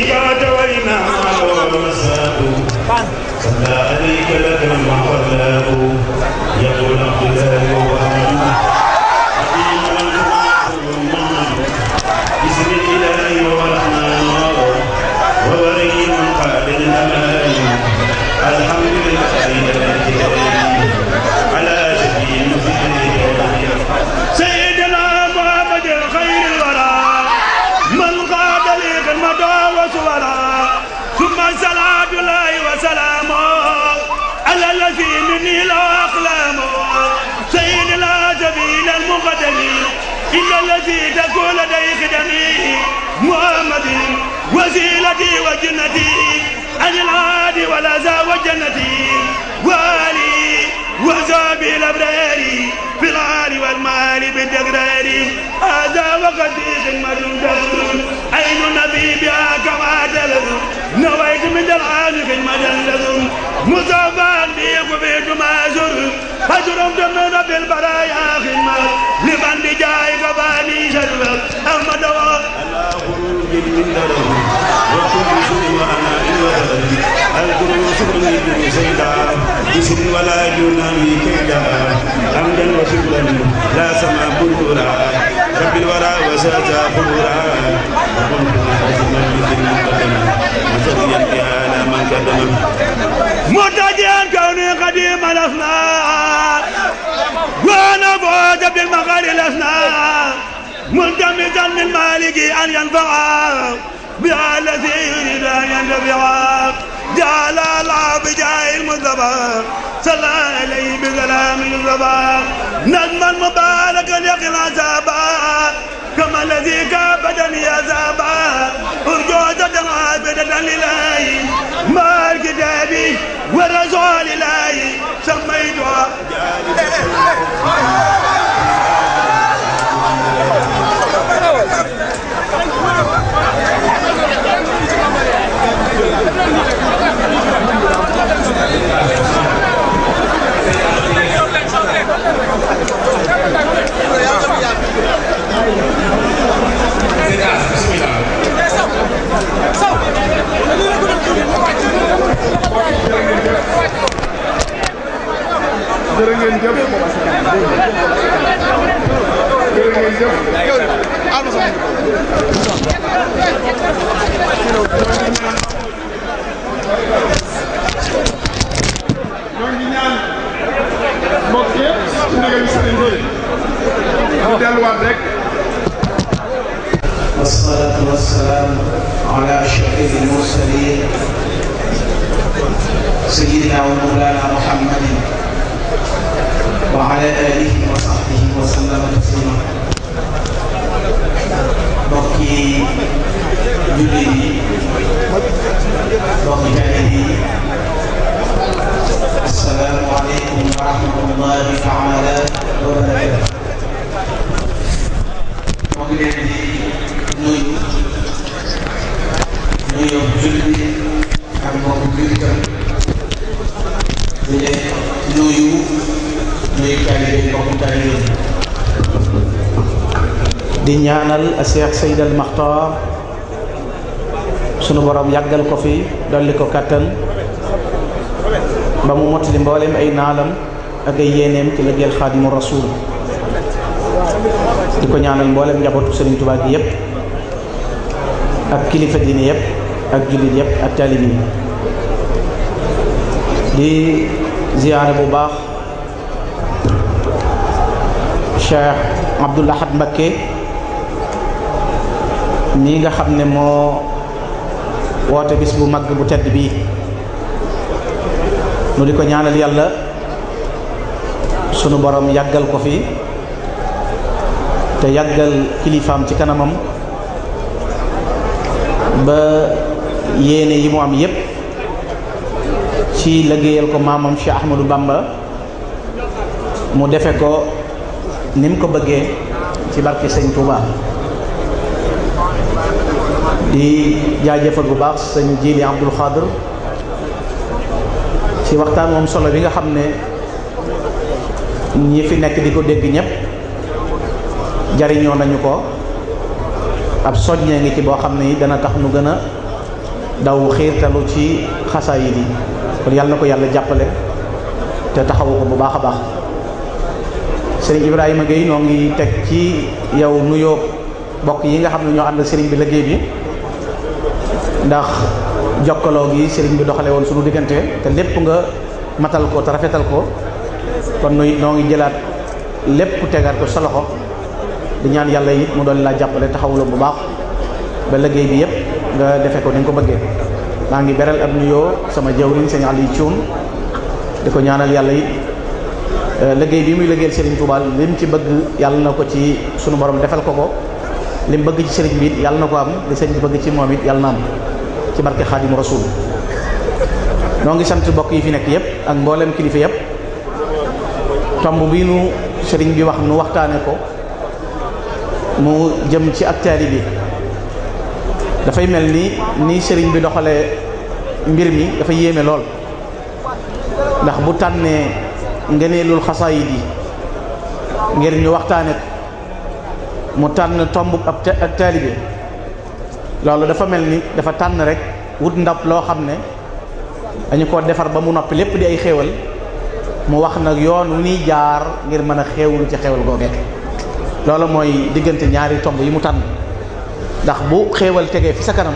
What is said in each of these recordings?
He got الأبراري في العال والمال بالتقرار هذا وقد خدمة تقول عين النبي بها كما تلزم نويت من العال خدمة لكم مصابا بيك بيت ما زر أجرم تمنى بالبرايا خدمة لمن بجايك فاني شرف أحمد الله كل من درهم وكل سوء أنا الكرم وشكرا لله سيدا جسم ولا جنان كيدا حمدا وشكرا لا سمع قدورا رب الورى وسعت قدورا متجيا كوني قديم الاصنام وانا فوز بالمغار الاصنام ملتمسا من مالك ان ينفع بها كثير داين بيعاق جعل العاب جاي المذبح صلى عليه بسلام الزباق نجما مباركا يقنا زابا كما الذي كابدني يا زابا ارجوزة عابدة لله مع الكتاب والرسول الله سميتها dolli ko katan ba mu motali mbolem ay nalam ak ay yenem ci liggéeyal khadimur rasul diko ko ñaanal mboolem njabootu serigne touba gi yépp ak kilifa dini yépp ak julit yépp ak talibi di ziyaare bu baax Cheikh abdullah Ahad Mbacké mi nga xamne mo wote bis bu mag bu tedd bi nu di ko ñaanal yàlla sunu borom yàggal ko fi te yàggal kilifaam ci kanamam ba yéene yi mu am yépp ci liggéeyal ko maamam Cheikh Ahmadou Bamba mu defe ko nim ko bëggee ci barke Sëñ Touba di jaajëfal bu baax sëñ jili abdul Khadir. ci waxtaan mom solo bi nga xamne ñi fi nek diko ko ñep jariño nañu ko ab soññee ngi ci bo xamne dana tax nu gën daw ci kon na ko yàlla te taxaw ko bu baaxa baax sëriñ ibrahima gueye no ngi tek ci yow nuyo bok yi nga xamne ñoo bi liggey bi ndax jokkaloo gi serigne bi doxale won sunu diggante te lepp nga matal ko ta rafetal ko kon nuy no ngi jëlaat lépp tegar ko sa loxo di ñaan yalla yi mu doon la jàppale taxawlo bu baax ba liggéey bi yépp nga ko ni nga ko ngi ab nuyo sama jawriñ serigne ali Thioun di ko ñaanal yalla yi euh, liggéey bi muy liggéeyal serigne Touba lim ci bëgg yalla nako ko ci sunu borom defal ko ko lim bëgg ci serigne bi yalla nako am li serigne bëgg ci momit yalla ci barke xaadimu rasul noo ngi sant bokk yi fi nekk yëpp ak mboolem kilifa yëpp tomb bii nu sëriñ bi wax nu waxtaane ko mu jëm ci ak taali bi dafay mel ni ni sëriñ bi doxalee mbir mi dafa yéeme lool ndax bu tànnee ngëneelul xasaayid yi ngir ñu waxtaane ko mu tànn tomb ak taalibe loolu dafa mel ni dafa tànn rek wut ndab loo xam ne dañu ko defar ba mu noppi lépp di ay xéewal mu wax nag yoon wu ñuy jaar ngir mën a xéewlu ci xéewal googee loolu mooy diggante ñaari tomb yi mu tànn ndax bu xéewal tegee fi sa kanam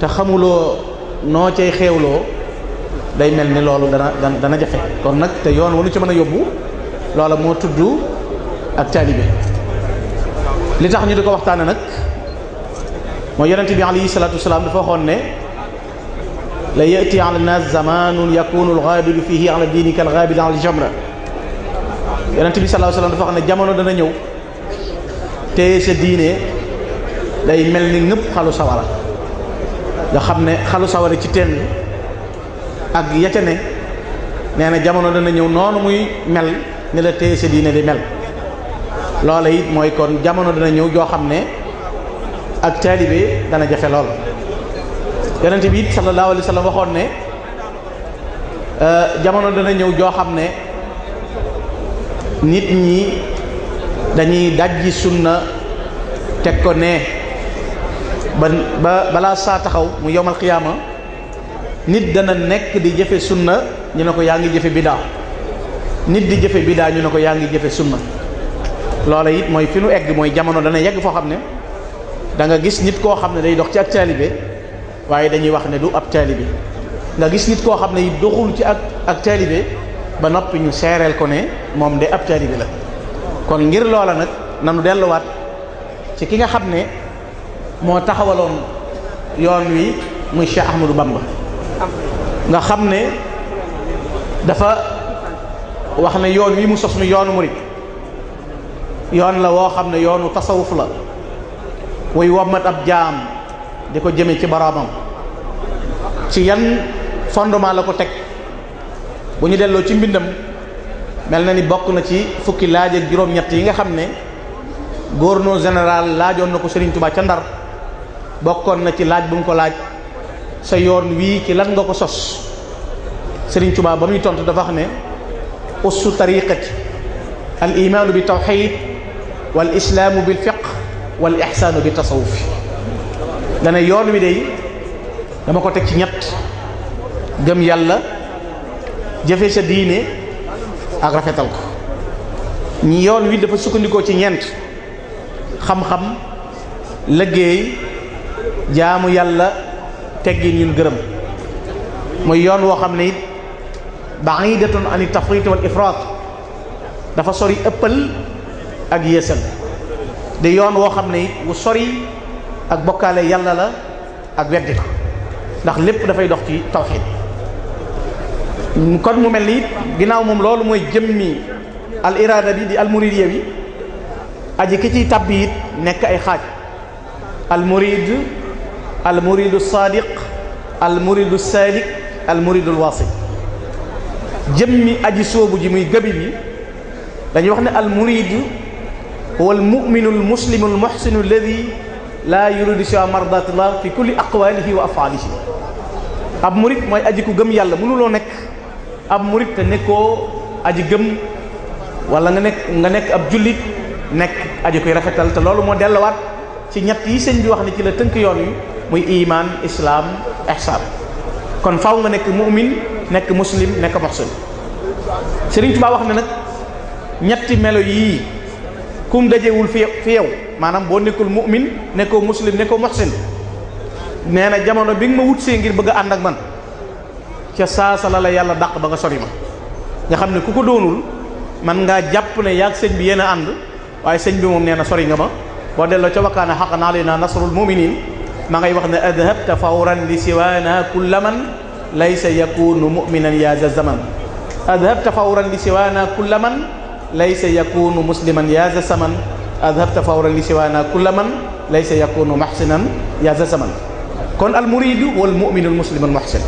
te xamuloo noo cay xéewloo day mel ni loolu dana dana jafe kon nag te yoon wanu ci mën a yóbbu loola moo tudd ak taalibe li tax ñu di ko waxtaane nag mooy yonent bi alayhi salaatu wasalaam dafa waxoon ne la yati ala nas zamanun yakunu alxaabilu la ala diini kal xaabil ala jamra yonent bi sallallahu alayhi wasallam dafa wax ne jamono dana ñëw téye sa diine day mel ni ñëpp xalu sawara nga xam ne xalu sawara ci teen bi ak yete ne nee na jamono dana ñëw noonu muy mel ni la téye sa diine di mel loola it mooy kon jamono dana ñëw joo xam ne ak taalibe dana jafe lool yonent bi it sallallahu alayhi waxoon ne euh, jamono dana ñëw joo xam ne nit ñi dañuy dajji sunna teg ko ne ba ba balaa saa taxaw mu yowmal qiyaama nit dana nekk di jëfe sunna ñu ne ko yaa ngi jëfe bidaa nit di jëfe bidaa ñu ne ko yaa ngi jëfe sunna loola it mooy fi nu egg mooy jamono dana yegg foo xam ne da nga gis nit koo xam ne day dox ci ak taalibe waaye dañuy wax ne du ab taalibe nga gis nit koo xam ne doxul ci ak ak ba noppi ñu seereel ko ne moom de ab taalibe la kon ngir loola nag nanu delluwaat ci ki nga xam ne moo taxawaloon yoon wi muy Cheikh Ahmadou Bamba nga xam ne dafa wax ne yoon wi mu sos mi yoonu murit yoon la woo xam ne yoonu tasawuf la wuy wommat ab jaam di ko jëme ci boroomam ci yan fondement la ko teg bu ñu delloo ci mbindam mel na ni bokk na ci fukki laaj ak juróom-ñett yi nga xam ne gouverneur général laajoon na ko Serigne Touba ca Ndar bokkoon na ci laaj bu mu ko laaj sa yoon wii ci lan nga ko sos Serigne Touba ba muy tontu dafa wax ne ussu tariqati al imaanu bi tawxid wal islaamu bil fiq wal ixsaanu bi tasawufi dana yoon wi dey dama ko teg ci ñett gëm yàlla jëfe sa diine ak rafetal ko ñi yoon wi dafa sukkandikoo ci ñeent xam-xam liggéey jaamu yàlla teggin yun gërëm mooy yoon woo xam ne it ba'idatun ani tafrit wal dafa sori ëppal ak yéesal di yoon woo xam ne wu sori ak bokkaale yàlla la ak weddi ko ndax lépp dafay dox ci tawxiid kon mu mel ni it ginnaaw moom loolu mooy jëmmi al irada bi di al muridiya bi aji ki ciy tàbbi it nekk ay xaaj al murid al muridu sadiq al muridu salik al muridul wasil jëmmi aji soobu ji muy gëbi bi dañuy wax ne al muridu huwa al muminu al muslimu al muhsinu alladi laa yuridu siwa mardatillah fi kulli aqwalihi wa afaalihi ab murit mooy aji ku gëm yàlla mënuloo nekk ab murit te nekkoo aji gëm wala nga nekk nga nekk ab jullit nekk aji koy rafetal te loolu moo dellowaat ci ñett yi sëñ bi wax ne ci la tënk yoon wi muy iimaan islaam ihsaan kon faw nga nekk mu'min nekk muslim nekk muhsin Sëriñ Tuubaa wax ne nag ñetti melo yii kum dajewul fi fi yow maanaam boo nekkul mu'min nekkoo muslim nekkoo muhsin nee na jamono bi nga ma wut see ngir bëgg ànd ak man ca saasa la la yàlla daq ba nga sori ma nga xam ne ku ko doonul man ngaa jàpp ne yaag sëñ bi yéen a ànd waaye sëñ bi moom nee na sori nga ma boo delloo ca wakkaane xaqan alaynaa nasrul muminin ma ngay wax na adhabta fawran li siwaana kulla man laysa yakunu muminan ya za zaman adhabta fawran li siwaana kulla man ليس يكون مسلما يا ذا سمن اذهبت فورا لسوانا كل من ليس يكون محسنا يا ذا سمن كن المريد والمؤمن المسلم المحسن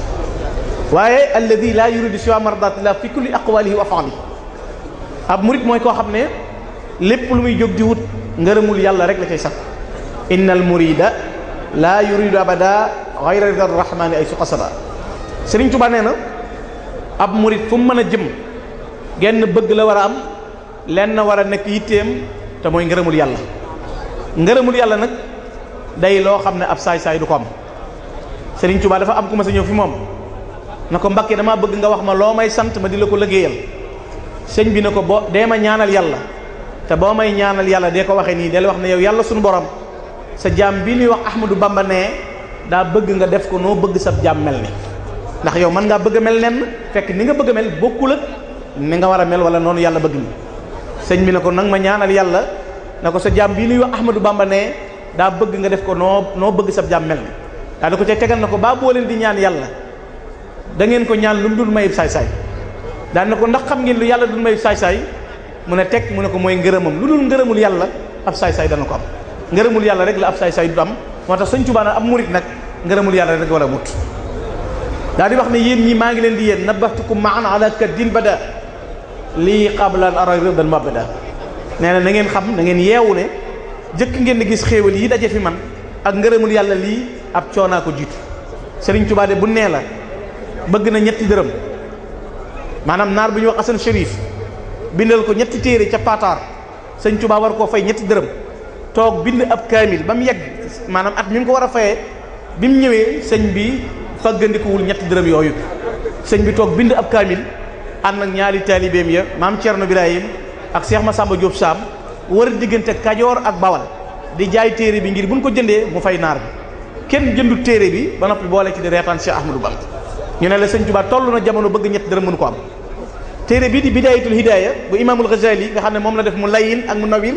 واي الذي لا يريد سوى مرضات الله في كل اقواله وافعاله اب مريد موي كو خامني لب لوي جوج دي ووت نغرمول يالا رك لا تي صاف ان المريد لا يريد ابدا غير رضا الرحمن اي سقصرا سيرن توبا نينا اب مريد فم مانا جيم ген بëgg la wara am lenn wara a nekk yitteem te moy ngërëmul yalla ngërëmul yalla nak day loh xamne ne ab say say du ko am Serigne Touba dafa am ku ma sa ñew fi mom nako ko dama bëgg nga wax ma lo may sante ma di la ko liggéeyal serigne bi nako bo de ma ñaanal yalla te bo may ñaanal yalla de ko waxe ni del wax ne yow yalla borom sa jam bi ni wax ahmadu Bamba ne da bëgg nga def ko no bëgg sa jam mel ni ndax yow man nga bëgg mel nen fekk ni nga bëgg mel bokul ak ni nga wara mel wala non yalla bëgg ni señ mi nako nak ma ñaanal yalla nako sa jaam bi nuyu ahmadou bamba ne da bëgg nga def ko no no bëgg sa jaam mel da ko ci tegal nako ba bo boo leen di ñaan yalla da ngeen ko ñaan lu dul mayib say say da nako ndax xam ngeen lu yalla dul mayib say say mu ne tek mu ne ko mooy ngërëmam lu dul ngërëmul yalla ab say say da nako am ngërëmul yalla rek la ab say say du am moo señ tuba na ab mourid nak ngërëmul yalla rek wala mut daa di wax ne yeen ñi ma ngi leen di yeen nabatukum maan ala kadin bada lii qabla al ara rëddal mabda nee na na ngeen xam na ngeen yeewu ne jëkk ngeen di gis xéewal yi daje fi man ak ngërëmul yàlla lii ab coonaa ko jiitu Sëriñ Tuubaa de bu nee la bëgg na ñetti dërëm maanaam naar bu ñuy wax Asan Chérif bindal ko ñetti téere ca Pataar Sëriñ Tuubaa war koo fay ñetti dërëm toog bind ab kaamil ba mu yegg maanaam at mi mu ko war a fayee bi mu ñëwee sëñ bi faggandikuwul ñetti dërëm yooyu sëñ bi toog bind ab kaamil ànd ak ñaari taalibeem ya maam Cerno Birahim ak Cheikh Massamba Diop saam war diggante Kajoor ak Bawal di jaay téere bi ngir bu buñ ko jëndee mu fay naar bi kenn jëndu téere bi ba noppi boole ci di reetaan Cheikh Ahmadou Bamba ñu ne la sëñ Tuubaa toll na jamono bëgg ñett dara mënu ko am téere bi di bidaayatul hidaaya bu imaamul Ghazali nga xam ne moom la def mu layin ak mu nawil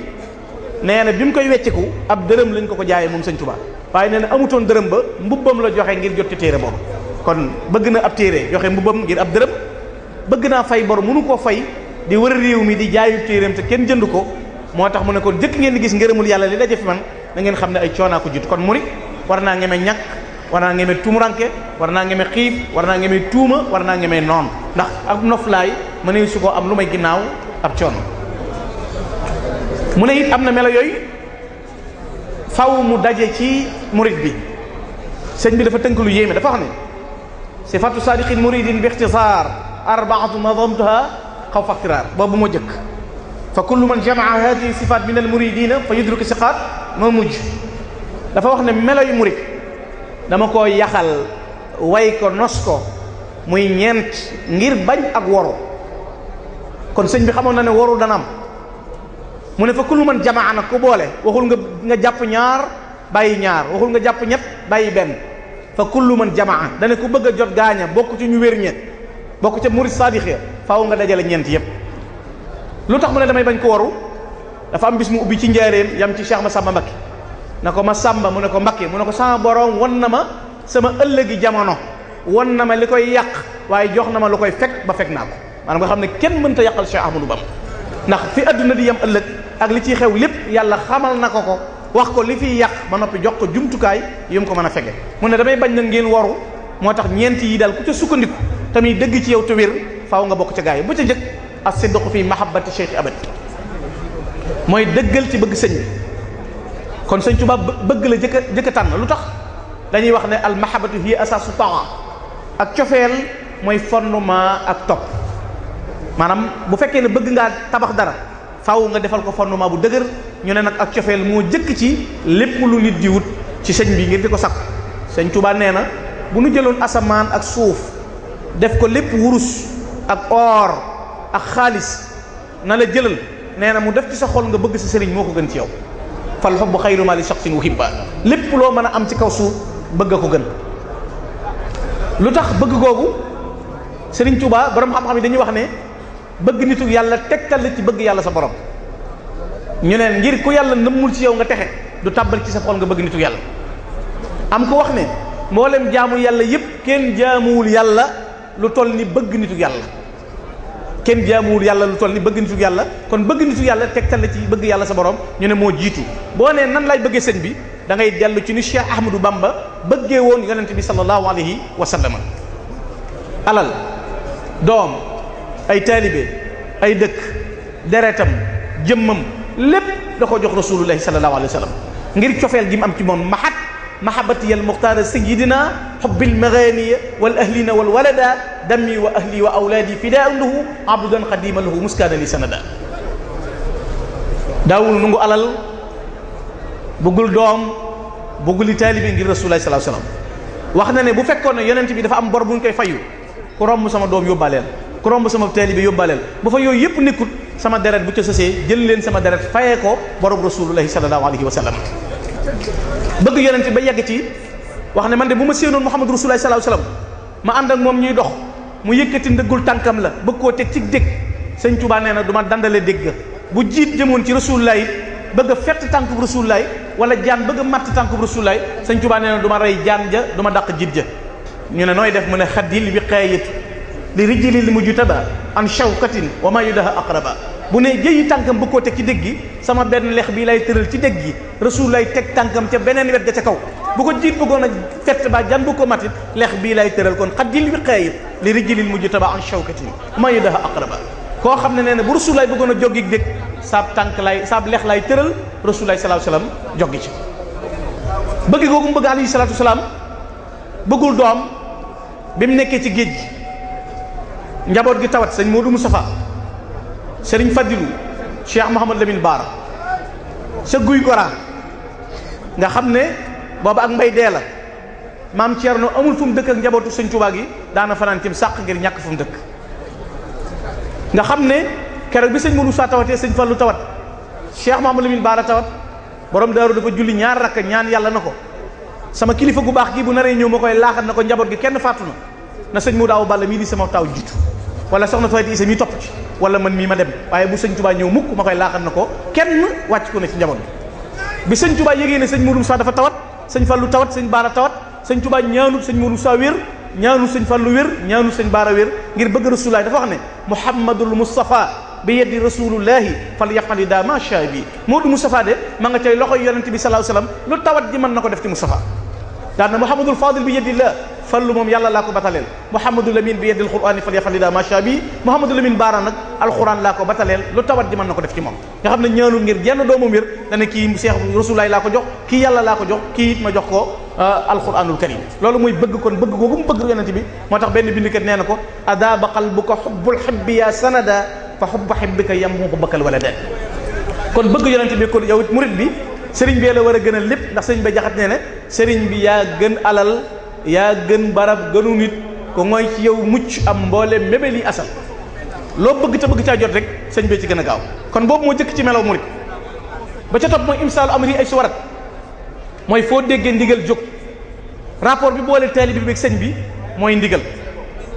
nee na bi mu koy wecciku ab dërëm lañ ko ko jaayee moom sëñ Tuubaa waaye na amutoon dërëm ba mbubbam la joxe ngir jot téere boobu kon bëgg na ab téere joxe mbubbam ngir ab dërëm bëgg naa fay bor mënu koo fay di wër réew mi di jaayu téeréem te kenn jënd ko moo tax mu ne kon jëkk ngeen di gis ngërëmul yàlla li daje fi man na ngeen xam ne ay coonaa ko jut kon murit war naa ngeme ñàkk war naa ngeme tuumuranke war naa ngeme xiif war naa ngeme tuuma war naa ngeme noon ndax ak noflaay ma ne su am lu may ginnaaw ab coono mu it am na melo yooyu faw mu daje ci murit bi sëñ bi dafa tënk lu yéeme dafa wax ne sifatu sadiqin muridin bi ixtisaar أربعة نظمتها خلف اقترار باب مجك فكل من جمع هذه الصفات من المريدين فيدرك ثقات ma mujj dafa wax ne melo yu murit dama ko yaxal way ko nos ko muy ñeent ngir bañ ak woru kon sëñ bi xamoon na ne woru dana am mu ne fa kullu man jamaa nag ku boole waxul nga nga jàpp ñaar bàyyi ñaar waxul nga jàpp ñett bàyyi benn fa kullu man jamaa dane ku bëgg jot gaaña bokk ci ñu wér ñett bokk ca murid saadix ya faw nga dajale ñeent yëpp lu tax mu ne damay bañ ko waru dafa am bis mu ubbi ci njaareem yam ci Cheikh ma Samba Mbakke na ko ma Samba mu ne ko Mbakke mu ne ko sama borom won na ma sama ëllëgi jamono won na ma li koy yàq waaye jox na ma lu koy fekk ba fekk naa ko maanaam nga xam ne kenn mënta yàqal Cheikh Ahmadou Bam ndax fi àdduna di yam ëllëg ak li ciy xew lépp yàlla xamal na ko ko wax ko li fiy yàq ba noppi jox ko jumtukaay yu ko mën a fege mu ne damay bañ na ngeen waru moo tax ñeent yi daal sukkandiku tamit dëgg ci yow te faw nga bokk ca gaay bu ca njëkk as sidqu fi mahabbati cheikh abad mooy dëggal ci bëgg sëñ bi kon sëñ Tuubaa bëgg la jëkk jëkka tànn lu tax dañuy wax ne al mahabbatu hiya su taa ak cofeel mooy fondement ak topp maanaam bu fekkee ne bëgg ngaa tabax dara faw nga defal ko fondement bu dëgër ñu ne nag ak cofeel moo jëkk ci lépp lu nit di wut ci sëñ bi ngir di ko sakku sëñ Tuubaa nee na bu nu jëloon asamaan ak suuf def ko lepp wurus ak or ak khalis na la jëlal neena mu def ci sa xol nga bëgg sa sëriñ moko gën ci yow fal hubbu khayru mali shakhsin shaxsin uhibba lépp loo am ci kaw suuf bëgg ko gën lutax bëgg gogou sëriñ touba borom xam-xam dañuy wax ne bëgg nitu yalla tekkal la ci bëgg yalla sa borom ñu neen ngir ku yalla nëmmul ci yow nga texé du tabal ci sa xol nga bëgg nitu yalla am ko wax ne mboolem jaamu yalla yep ken jaamuwul yalla lu toll ni bëgg nitu yàlla kenn jaamuwul yàlla lu toll ni bëgg nitu yàlla kon bëgg nitu yàlla teg tegtal na ci bëgg yàlla sa borom ñu ne moo jiitu boo nee nan laay bëggee sëñ bi da ngay dellu ci ni Cheikh Ahmadou Bamba bëggee woon yonent bi sallallahu alayhi wa sallam alal doom ay taalibe ay dëkk deretam jëmmam lépp da ko jox rasulullahi sallallahu alayhi wa sallam ngir cofeel gi mu am ci moom mahat محبتي المختار سيدنا حب المغاني والأهلين والولد دمي وأهلي وأولادي فداء له عبدا قديما له مسكانا لي سندا داول نغو علال بغول دوم بغول طالب غير رسول الله صلى الله عليه وسلم waxna ne bu fekkone yonent bi dafa am bor buñ koy fayu ku romb sama doom yóbbaaleel ku romb sama taalibe yóbbaaleel bu fa yooyu yépp nekkut sama deret bu ca sosee jël leen sama deret fayee ko borom rasulullahi sallallahu alayhi wa sallam bëgg yonent ba yegg ci wax ne man de bu ma séenoon Muhammad Rasulullah sallallahu alayhi ma ànd ak moom ñuy dox mu yëkkati ndëggul tànkam la bëgg koo teg ci dégg sëñ Tuubaa nee na du ma dandale dégg bu jiit jëmoon ci Rasulullah it bëgg a fett tànkub Rasulullah wala jaan bëgg a matt tànkub Rasulullah sëñ Tuubaa nee na du ma rey jaan ja du daq dàq jiit ja ñu ne nooy def mu ne xadil wiqaayatu li rijlil mujtaba an shawkatin wa ma yudaha aqraba bu ne jëyi tankam bu ko ci deggi sama ben lekh bi lay tëral ci deggi rasul lay tek tankam ci benen wet ga ci kaw bu ko jiit bëggoon a fet ba jan bu ko matit lekh bi lay kon xaddil wi li rijlil mujtaba an shawkati ma yudaha aqraba ko xamne ne bu rasul lay bëggoon a joggi deg sab tank lay sab lekh lay tëral rasul lay alaihi wasallam joggi ci beug gogu beug ali sallallahu alaihi wasallam beugul dom bim nekk ci njabot gi tawat seigne Modou sëriñ Fadilu Cheikh Mouhamad Lamine Baara sa guy Goraa nga xam ne booba ak mbay dee la maam Thierno amul fu mu dëkk ak njabootu sëñ Tuubaa gi daana fanaan cim sàq ngir ñàkk fu dëkk nga xam ne keroog bi sëñ Modou Sa tawatee sëñ Fallu tawat Cheikh Mouhamad Lamine Baara tawat borom daaru dafa julli ñaar rakk ñaan yàlla na ko sama kilifa gu baax gii bu naree ñëw ma koy laaxat na ko njaboot gi kenn fàttu na na sëñ Modou Awa Balla mii di sama taw jiitu w soxna wala man mii ma dem waaye bu sëñ Touba ñëw mukk ma koy laaxal na ko kenn wàcc ko ne ci njaboot bi sëñ Touba yégee ne sëñ Modou Moussa dafa tawat sëñ lu tawat sëñ Baara tawat sëñ Touba ñaanul sëñ Modou Moussa wér ñaanul sëñ Fallou wér ñaanul sëñ Baara wér ngir bëgg rasulullahi dafa wax ne Muhammadul Mustafa bi yeddi rasulullahi fal yaqali daa ma moo bi Modou Moustapha de ma nga cay loxo yonente bi sallallahu alayhi wasallam lu tawat ji man na ko def ci Moustapha daan fallu moom yàlla laa ko bataleel Mouhamadou Lamine bi yeddil qur'aani falyafalida macha bi Mouhamadou Lamine Baara nag alquran laa ko bataleel lu tawat di mën na ko def ci moom nga xam ne ñaanul ngir genn doomam wér dana kii Seex Rasulaay laa ko jox kii yàlla laa ko jox kii it ma jox ko alquranul karim loolu mooy bëgg kon bëgg googu mu bëgg yonent bi moo tax benn bindikat nee na ko adaaba qalbuka xubbul xibbi yaa sanada fa xubba xibbika yamuhu bakkal wala den kon bëgg yonent bi kon yow murit bi sëriñ bi la war a gën a lépp ndax sëriñ ba jaxat nee ne sëriñ bi yaa gën alal yaa gën barab gënu nit ko mooy ci yow mucc am mboole mébél yi asal loo bëgg te bëgg caa jot rek sëñ bee ci gën a gaaw kon boobu moo jëkk ci melaw murit ba ca topp mooy imsaalu amri ay suwarat mooy foo déggee ndigal jóg rapport bi boole taalibe bi ak sëñ bi mooy ndigal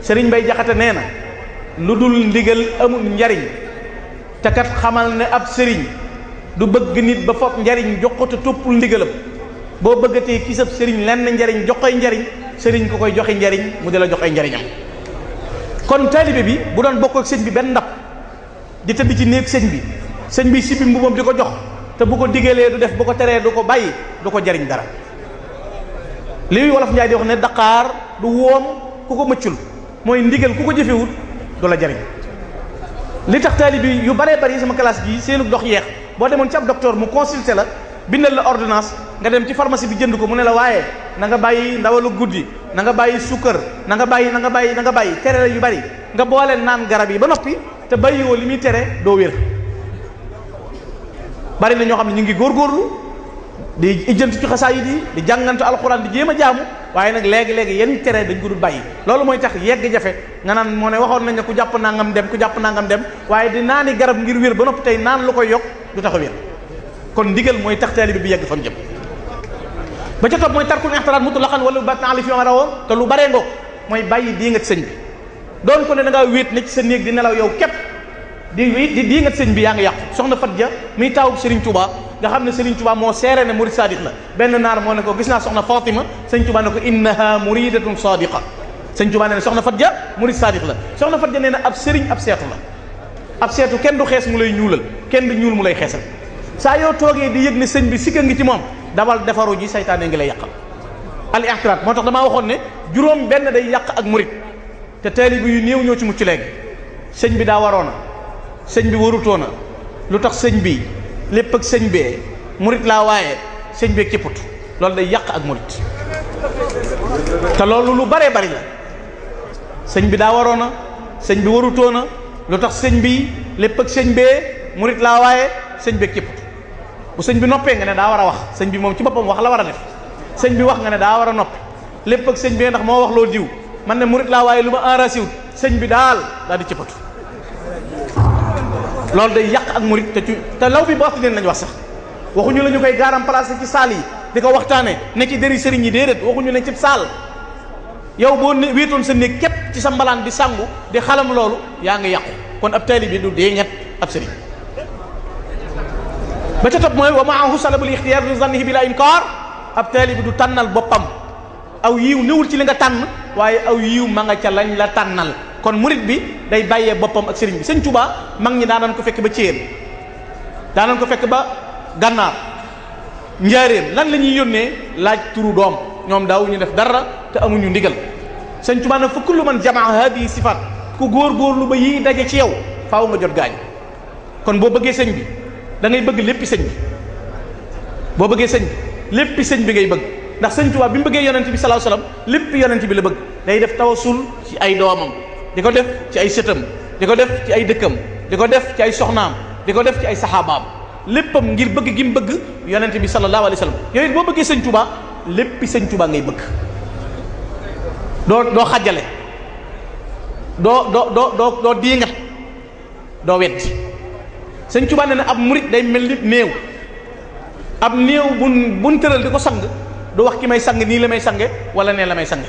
sëriñ Bay Jaxate nee na lu dul ndigal amul njariñ te kat xamal ne ab sëriñ du bëgg nit ba foog njariñ jox ko te toppul ndigalam boo bëggatee ki sab sëriñ lenn njariñ jox koy njariñ sëriñ ko koy joxe njariñ mu di la njariñam kon talibé bi bu doon bokk ak sëñ bi ben ndap di tëdd ci neek sëñ bi sëñ bi sibi mbubam di ko jox te bu ko digalee du def bu ko téré du ko bayyi du ko jariñ dara li wolof njaay di wax né dakar du wom ku ko mëccul moy ndigal ku ko jëfewut du la jariñ li tax talibé yu baree bari sama classe bi seenu dox yeex bo demoon ci docteur mu consulté la bindal la ordinance nga dem ci pharmacie bi jënd ko mu ne la waaye nanga nga bàyyi ndawalu guddi nanga nga bàyyi sukkar na nga bàyyi na bàyyi na nga bàyyi tere la yu bari nga boole naan garab yi ba noppi te bàyyiwoo li muy tere doo wér bari na ñoo xam ne ñu ngi góor góorgóorlu di ijjantu ci xasaayid yi di jàngantu alxuraan di jéem a jaamu waaye nag léegi-léegi yenn tere dañ ko dul bàyyi loolu mooy tax yegg jafe nga naan moo ne waxoon nañ ne ku jàpp nangam dem ku jàpp nangam dem waaye di naani garab ngir wér ba noppi tey naan lu koy yokk du tax a kon ndigal mooy tax taalibe bi yegg fam jëm ba ca topp mooy tarkul ixtiraat mutlaqan wala bat na ali fi ma rawoon te lu baree ngoog mooy bàyyi dii ngat sëñ bi doon ko ne da ngaa wéet ne ci sa néeg di nelaw yow képp di di dii ngat sëñ bi yaa ngi yàqu soxna fat ja muy taawub sëriñ tubaa nga xam ne sëriñ tubaa moo seere ne murid sadiq la benn naar moo ne ko gis naa soxna Fatima sëñ Touba ne ko innaha muridatun sadiqa sëñ Touba ne na soxna fat ja murid sadiq la soxna fat ja nee ab sëriñ ab seetu la ab seetu kenn du xees mu lay ñuulal kenn du ñuul lay xeesal saa yoo toogee di yëg ne sëñ bi sikka ngi ci moom dawal defaru ji saytaane ngi la yàqal al ixtiraat moo tax dama waxoon ne juróom benn day yàq ak murit te taalibe yu néew ñoo ci mu ci léegi sëñ bi daa na sëñ bi na lu tax sëñ bi lépp ak sëñ bee murit laa waaye sëñ bee kipput loolu day yàq ak murit te loolu lu baree bari la sëñ bi daa waroon na sëñ bi na lu tax sëñ bi lépp ak sëñ bee murit laa waaye sëñ bee kipput bu señ bi noppé nga né da wara wax señ bi mom ci bopam wax la wara def señ bi wax nga né da wara nopp lepp ak señ bi ndax mo wax lo diiw man né mourid la waye luma ma enraciwut señ bi dal dal di cëppatu lol day yak ak mourid te te law bi bootu leen lañ wax sax waxu ñu lañu koy garam placé ci yi di waxtane ne ci deri señ yi waxu ñu lañ ci yow bo sa ne kep ci sa mbalan bi sangu di xalam lolou ya nga kon ab taalibe bi du de ñet ab sëriñ ba ca topp mooy wa maahu salabul ixtiyaar li zannihi bi la inkaar ab taalibi du tànnal boppam aw yiiw newul ci li nga tànn waaye aw yiiw ma nga ca lañ la tànnal kon murit bi day bàyyee boppam ak sëriñ bi sëñ Tuubaa mag ñi daanoon ko fekk ba Céyeen daanoon ko fekk ba Gànnaar njaaréem lan la ñuy yónnee laaj turu doom ñoom daawu ñu def dara te amuñu ndigal sëñ Tuubaa nag fa kullu man jamaa haadihi sifaat ku góor góor lu ba yii daje ci yow faaw nga jot gaañ boo bëggee sëñ bi da ngay bëgg lepp señ bo bëgge señ lepp señ bi ngay bëgg ndax señ tuba bi mu bëggee yonent bi sallallahu alayhi wasallam lepp yonent bi la bëgg day def tawassul ci ay doomam diko def ci ay setam diko def ci ay dekkam diko def ci ay soxnam diko def ci ay saxaabaam leppam ngir bëgg gi mu bëgg yonent bi sallallahu alayhi wasallam yoy bo bëgge señ tuba lepp señ tuba ngay bëgg do doo xajale do do do do doo diingat do weddi sëñ Tuubaa nee na ab murit day mel ni néew ab néew buñ buñ tëral di ko sang du wax ki may sang nii la may sange wala nee la may sange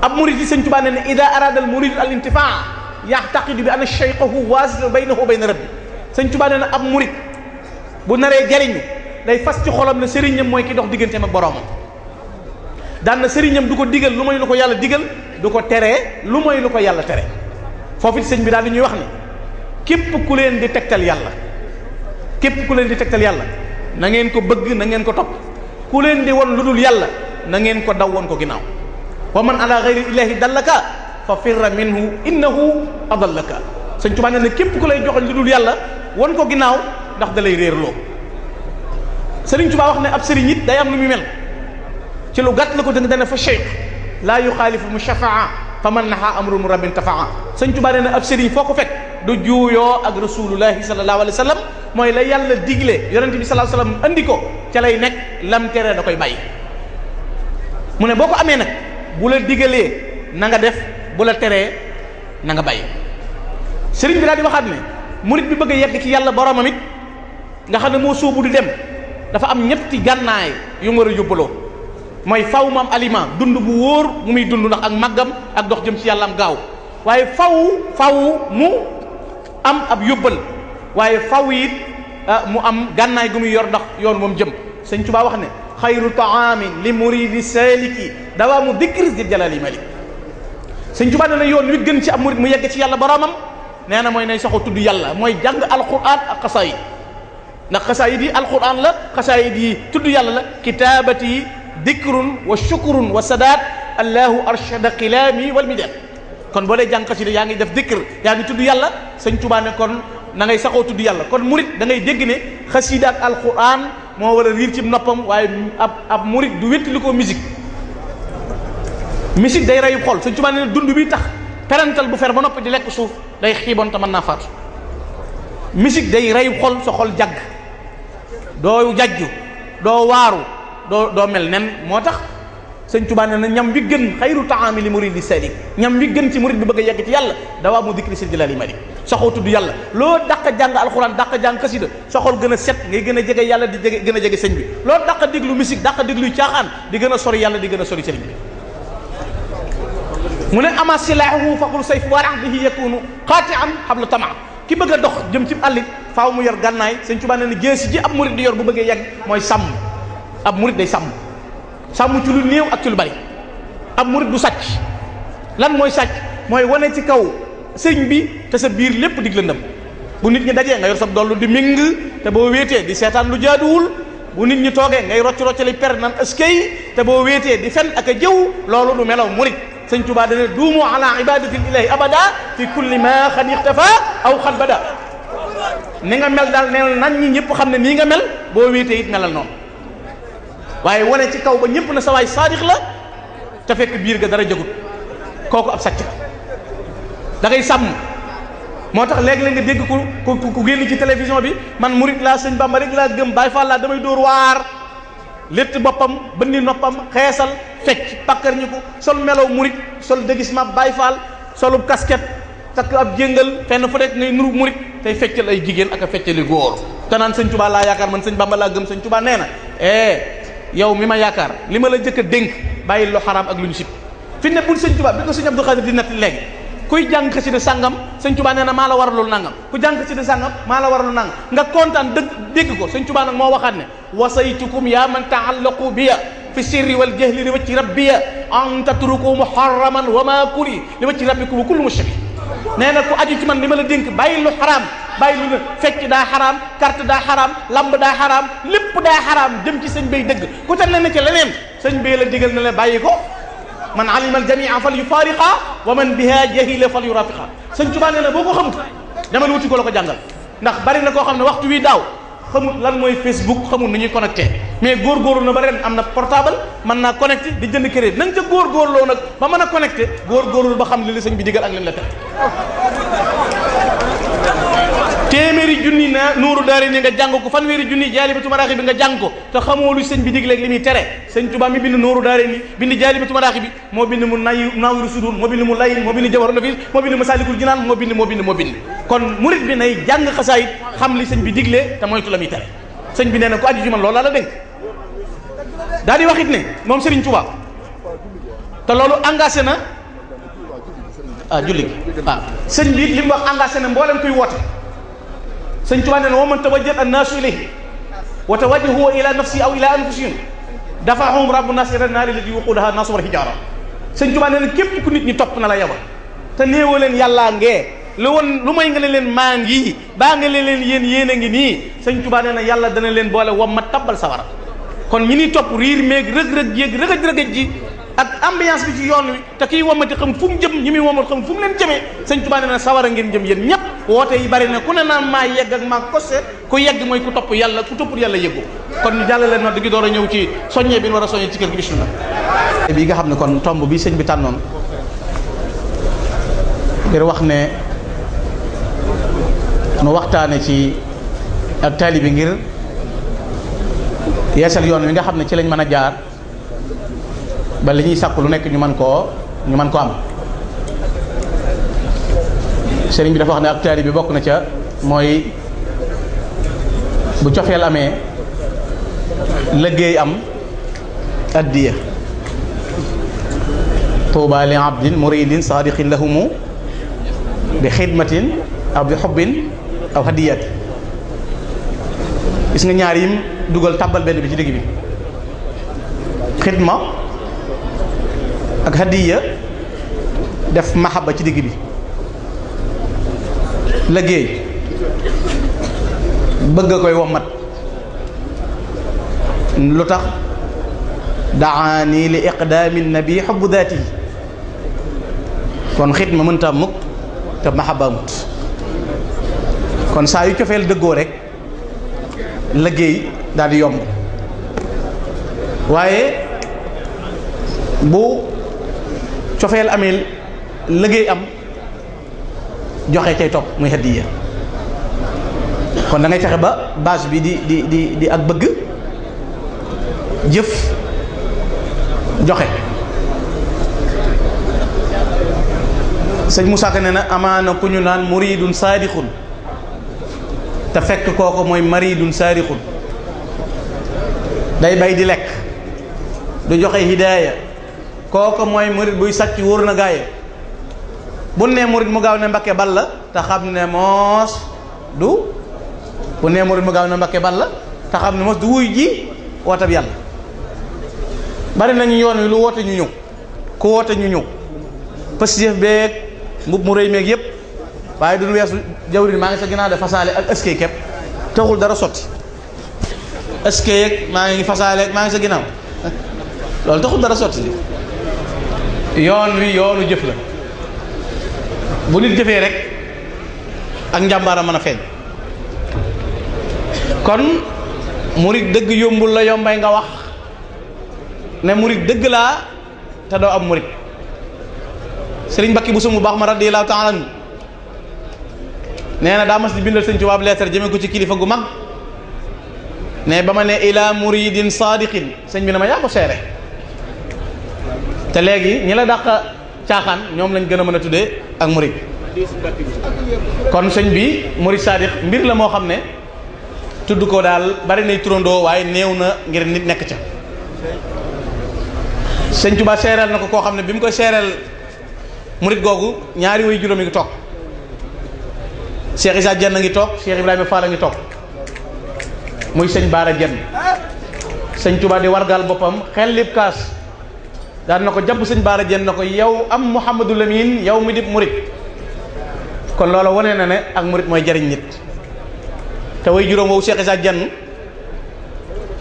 ab murit yi sëñ Tuubaa nee na ida arada al murid al intifaa yaxtaqidu bi anna sheyqahu waasila baynahu wa na rabbi sëñ Tuubaa nee na ab murit bu naree jariñu day fas ci xolam ne sëriñam mooy ki dox digganteem ak boroomam daan na sëriñam du ko digal lu mooy lu ko yàlla digal du ko teree lu mooy lu ko yàlla tere foofu sëñ bi daal di ñuy wax ne képp ku leen di tegtal yàlla képp ku leen di tegtal yàlla na ngeen ko bëgg na ngeen ko topp ku leen di won lu dul yàlla na ngeen ko daw woon ko ginnaaw wa man ala gayri ilahi dallaka fa firra minhu innahu adallaka sëñ Tuubaa nee na képp ku lay joxoñ lu dul yàlla won ko ginnaaw ndax da réer loo sëriñ Tuubaa wax ne ab sëriñ it day am lu muy mel ci lu gàtt la ko dëng dana fa cheikh laa yuxaalifu mu shafaa faman naha amrun rabbin tafa'a sëñ Tuubaa nee na ab serigne foko fek du juuyoo ak rasulullah sallallahu alaihi wasallam. moy la yalla diglé yaronte bi sallallahu alaihi wasallam. Andiko. ci lay nek lam téré da koy bayyi mune boko amé nak bu la digalee na nga def bu la téré na nga bayyi serigne bi daal di waxaat ne murit bi bëgg yegg ci yalla boromam it nga xamné mo soobu di dem dafa am ñetti gannaay yu mu yobulo mooy faw mu am aliment dund bu wóor mu muy dund ndax ak màggam ak dox jëm ci yàlla am gaaw waaye faw faw mu am ab yóbbal waaye faw it ah, mu am gànnaay gu muy yor ndax yoon moom jëm sëñ Tuubaa wax ne xayru taamin li muridi saliki dawaa mu dikri di jalali malik sëñ Tuubaa nee na yoon wi gën ci ab murid mu yegg ci yàlla boromam nee na mooy nay saxo tudd yàlla mooy jàng alquran ak xasaayid ndax xasaayid yi alquran la xasaayid yi tudd yàlla la kitaabati dikrun wa shukrun wa sadaat allahu arshada xilaami wal midad kon boo dee si xasida yaa ngi def dikr yaa ngi tudd yàlla sëñ Tuubaa kon na ngay saxoo tudd yàlla kon murit dangay ngay dégg ne xasida ak moo war a riir ci noppam waaye ab ab murit du wétti li ko musique musique day reyub xol sëñ Tuubaa ne dund bi tax perantal bu fer ba noppi di lekk suuf day xiiboon taman mën naa faatu musique day reyub xol sa xol jagg doo jajju doo waaru Do do mel nen motax seigne touba ne ñam wi gën khairu taami li murid di ñam wi gën ci murid bi bëgg yegg ci yalla dawa mu dikri sir jilali mari saxo tuddu yalla lo dakk jang alxuraan dakk jang kasida saxol gëna set ngay gëna jégué yalla di jégué gëna jégué seigne bi lo dakk diglu musique dakk diglu tiaxan di gëna sori yalla di gëna sori seigne bi mune ne ama silaahu faqul sayf wa rahbihi yakunu qati'an hablu tama ki bëgg dox jëm ci faaw mu yor gannaay seigne touba ne geesi ji ab murid di yor bu bëgg yegg moy sam ab murid day Sam, Sam ci lu new ak ci lu bari ab murid du sacc lan moy sacc moy wane ci kaw señ bi te sa bir lepp dig bu nit ñi dajé nga yor sa dollu di ming te bo wété di seetaan lu jaaduwul bu nit ñi togué ngay rocc rocc li per nan askay te bo wété di fen ak a jëw loolu du melaw murid sëñ tubaa dana duumu ala ibadati lillahi abada fi kulli ma xan ikhtafa aw xan bada ni nga mel dal neel nan ñi ñepp xamne ni nga mel bo wété it melal non waye woné ci kaw ba ñepp na sa way sadiq la ta fekk biir ga dara jagut koku ab satch da ngay sam motax tax léeg nga dégg ku ku génn ci télévision bi man murit la seigne bamba rek la gëm bay fàll laa damay door war lett bopam bëndi noppam xéssal fecc pakkar ñuko sol melo murit sol dégisma bay fall solu casquette tak ab jéngal fenn fu rek ngay nuru murit tay feccal ay jigen ak feccali gor tanan seigne touba la laa man seigne bamba la gëm seigne touba neena eh yow mi ma yaakaar li ma la njëkk a dénk bàyyi lu xaraam ak lu ñu sib fi ne bul sëñ Tuubaa bi ko sëñ Abdou Xaadir di nettali léegi kuy jàng xasida sàngam sëñ Tuubaa nee na maa la waralul nangam ku jàng xasida sàngam maa la waralul nangam nga kontaan dëgg dégg ko sëñ Tuubaa nag moo waxaat ne wasaytukum yaa man taallaqu biya fi sirri wal jahli li wacc rabbiya an tatruku muharraman wa ma kuli li wacc rabbikum kullu mushrik nee na ku aju ci man li ma la dénk bàyyi lu xaraam bàyyi lu ne fecc daa xaraam carte daa xaraam lamb daa xaraam lépp daa xaraam jëm ci sëñ bay dëgg ku ca ne na ci leneen sëñ bay la digal na la bàyyi ko man alima al jamia fal yufaariqa wa man biha jahila fal yurafiqa sëñ Tuubaa nee na boo ko xamut demal wuti ko la ko jàngal ndax bari na koo xam ne waxtu wi daaw xamul lan mooy Facebook xamul ni ñuy connecté mais góorgóorlu na ba ren am na portable mën naa connecté di jënd crédit na nga ca góorgóorloo nag ba mën a connecté góorgóorlu ba xam li la sëñ bi digal ak lim la teg téeméeri junni na nuuru daari ni nga jàng ko fanweeri junni jaalibatu maraaxi bi nga jàng ko te xamoo lu sëñ bi digleeg li muy tere sëñ Tuubaa mi bind nuuru daari ni bind jaalibatu maraaxi bi moo bind mu nay naawiru sudur moo bind mu layin moo bind jawaru nafis moo bind masaalikul jinaan moo bind moo bind kon murit bi nay jàng xasaayit xam li sëñ bi diglee te moytu la muy tere sëñ bi nee na ko aju ci man loolu la dénk daal di wax ne moom Serigne Touba na ah julli gi ah sëñ li mu wax engagé na mboolem kuy woote sëñ Tuubaa nee ta wa man tawajjat annaasu ilayhi wa tawajjaha huwa ila nafsi aw ila anfusihim dafa'ahum rabbu naas ila naari lati waquudaha naasu wal hijaara sëñ Tuubaa nee na képp ku nit ñi topp na la yabal te néewoo leen yàllaa ngee lu woon lu may nga leen maa ngi baa nga ne leen yéen yéen a ngi nii sëñ Tuubaa na yàlla dana leen boole wam ma tabbal sawara kon ñi ni topp riir meeg rëg-rëg yéeg rëgaj-rëgaj ji ak ambiance bi ci yoon wi te kiy wamati xam fu mu jëm ñi muy womat xam fu mu leen jëmee ngeen jëm yéen ñépp woote yi bari na ku ne naan maa yegg ak maa kose ku yegg mooy ku topp yàlla ku toppul yàlla yëggoo kon ñu jàllale noonu di door a ñëw ci soññee bi ñu war a soññee ci kër gi bismillah bi nga xam ne kon tomb bi sëñ bi tànnoon ngir wax ne nu waxtaane ci ak taali bi ngir yeesal yoon wi nga xam ne ci lañ mën a jaar ba li ñuy sàkk lu nekk ñu mën koo ñu mën ko am sëriñ bi dafa wax ne ak taalibe bi bokk na ca mooy bu cofeel amee liggéey am addiya tuuba li abdin muridin saadiqin lahumu bi xidmatin aw bi xubbin aw hadiyat gis nga ñaar dugal tàbbal benn bi ci digg bi xidma ak hadiya def mahaba ci digg bi لجي بغا كوي ومات لوتاخ دعاني لاقدام النبي حب ذاتي كون خيت ما منتا موك تا موت كون سا يو كفيل دغو لجي دال يوم وايي بو تشوفيل اميل لجي ام joxe tay top muy hadiya kon da ngay ba base bi di di di di ak bëgg jëf joxe seigne Moussa Ka neena amana kuñu nan muridun saadixun ta fekk koko moy maridun saarixun day bay di lek du joxe hidayah koko moy murid buy sakki wurna gaye bu nee murit mu gaaw ne mbakke bal la te xam ne moos du bu nee murit mu gaaw ne mbakke bal la te xam ne moos du wuy ji woote bi yàlla bari nañu yoon wi lu woote ñu ñëw ku woote ñu ñëw pëstéef beeg mbub mu rëy meeg yépp waaye duñ weesu jawrin maa ngi sa ginnaaw de fasaale ak ëskey kepp dara sotti ëskey yeeg maa ngi fasaale maa ngi sa ginnaaw loolu dara sotti yoon wi yoonu jëf la bu nit defé rek ak njàmbaara mëna kon murid deug yombul la yombay nga wax ne murid deug la ta do am murit serigne bakki Bousso mu baax ma radiyallahu taala nee na daa mas bindal serigne lettre jëme ko ci kilifa gu mag ne bama né ne muridin sadiqin serigne bi na ma ya ko séré té légui ñi la dàq caaxaan ñoom lañ gën a ak murit kon sëñ bi murit saadix mbir la moo xam ne tudd ko daal bari nay turandoo waaye néew na ngir nit nekk ca sëñ Tuba seereel na ko koo xam ne bi mu koy seereel murit googu ñaari way juróom ngi toog Cheikh Issa Dieng a ngi toog Cheikh Ibrahima Fall a ngi toog muy sëñ Baara Dieng sëñ Tuba di wargal boppam xel lib kaas daan na ko jàpp sëñ Baara Jeen na ko yow am Mouhamadou Lamine yow mi di murit kon loola wane na ne ak murit mooy jariñ nit te way juróom woowu Cheikh Issa Dieng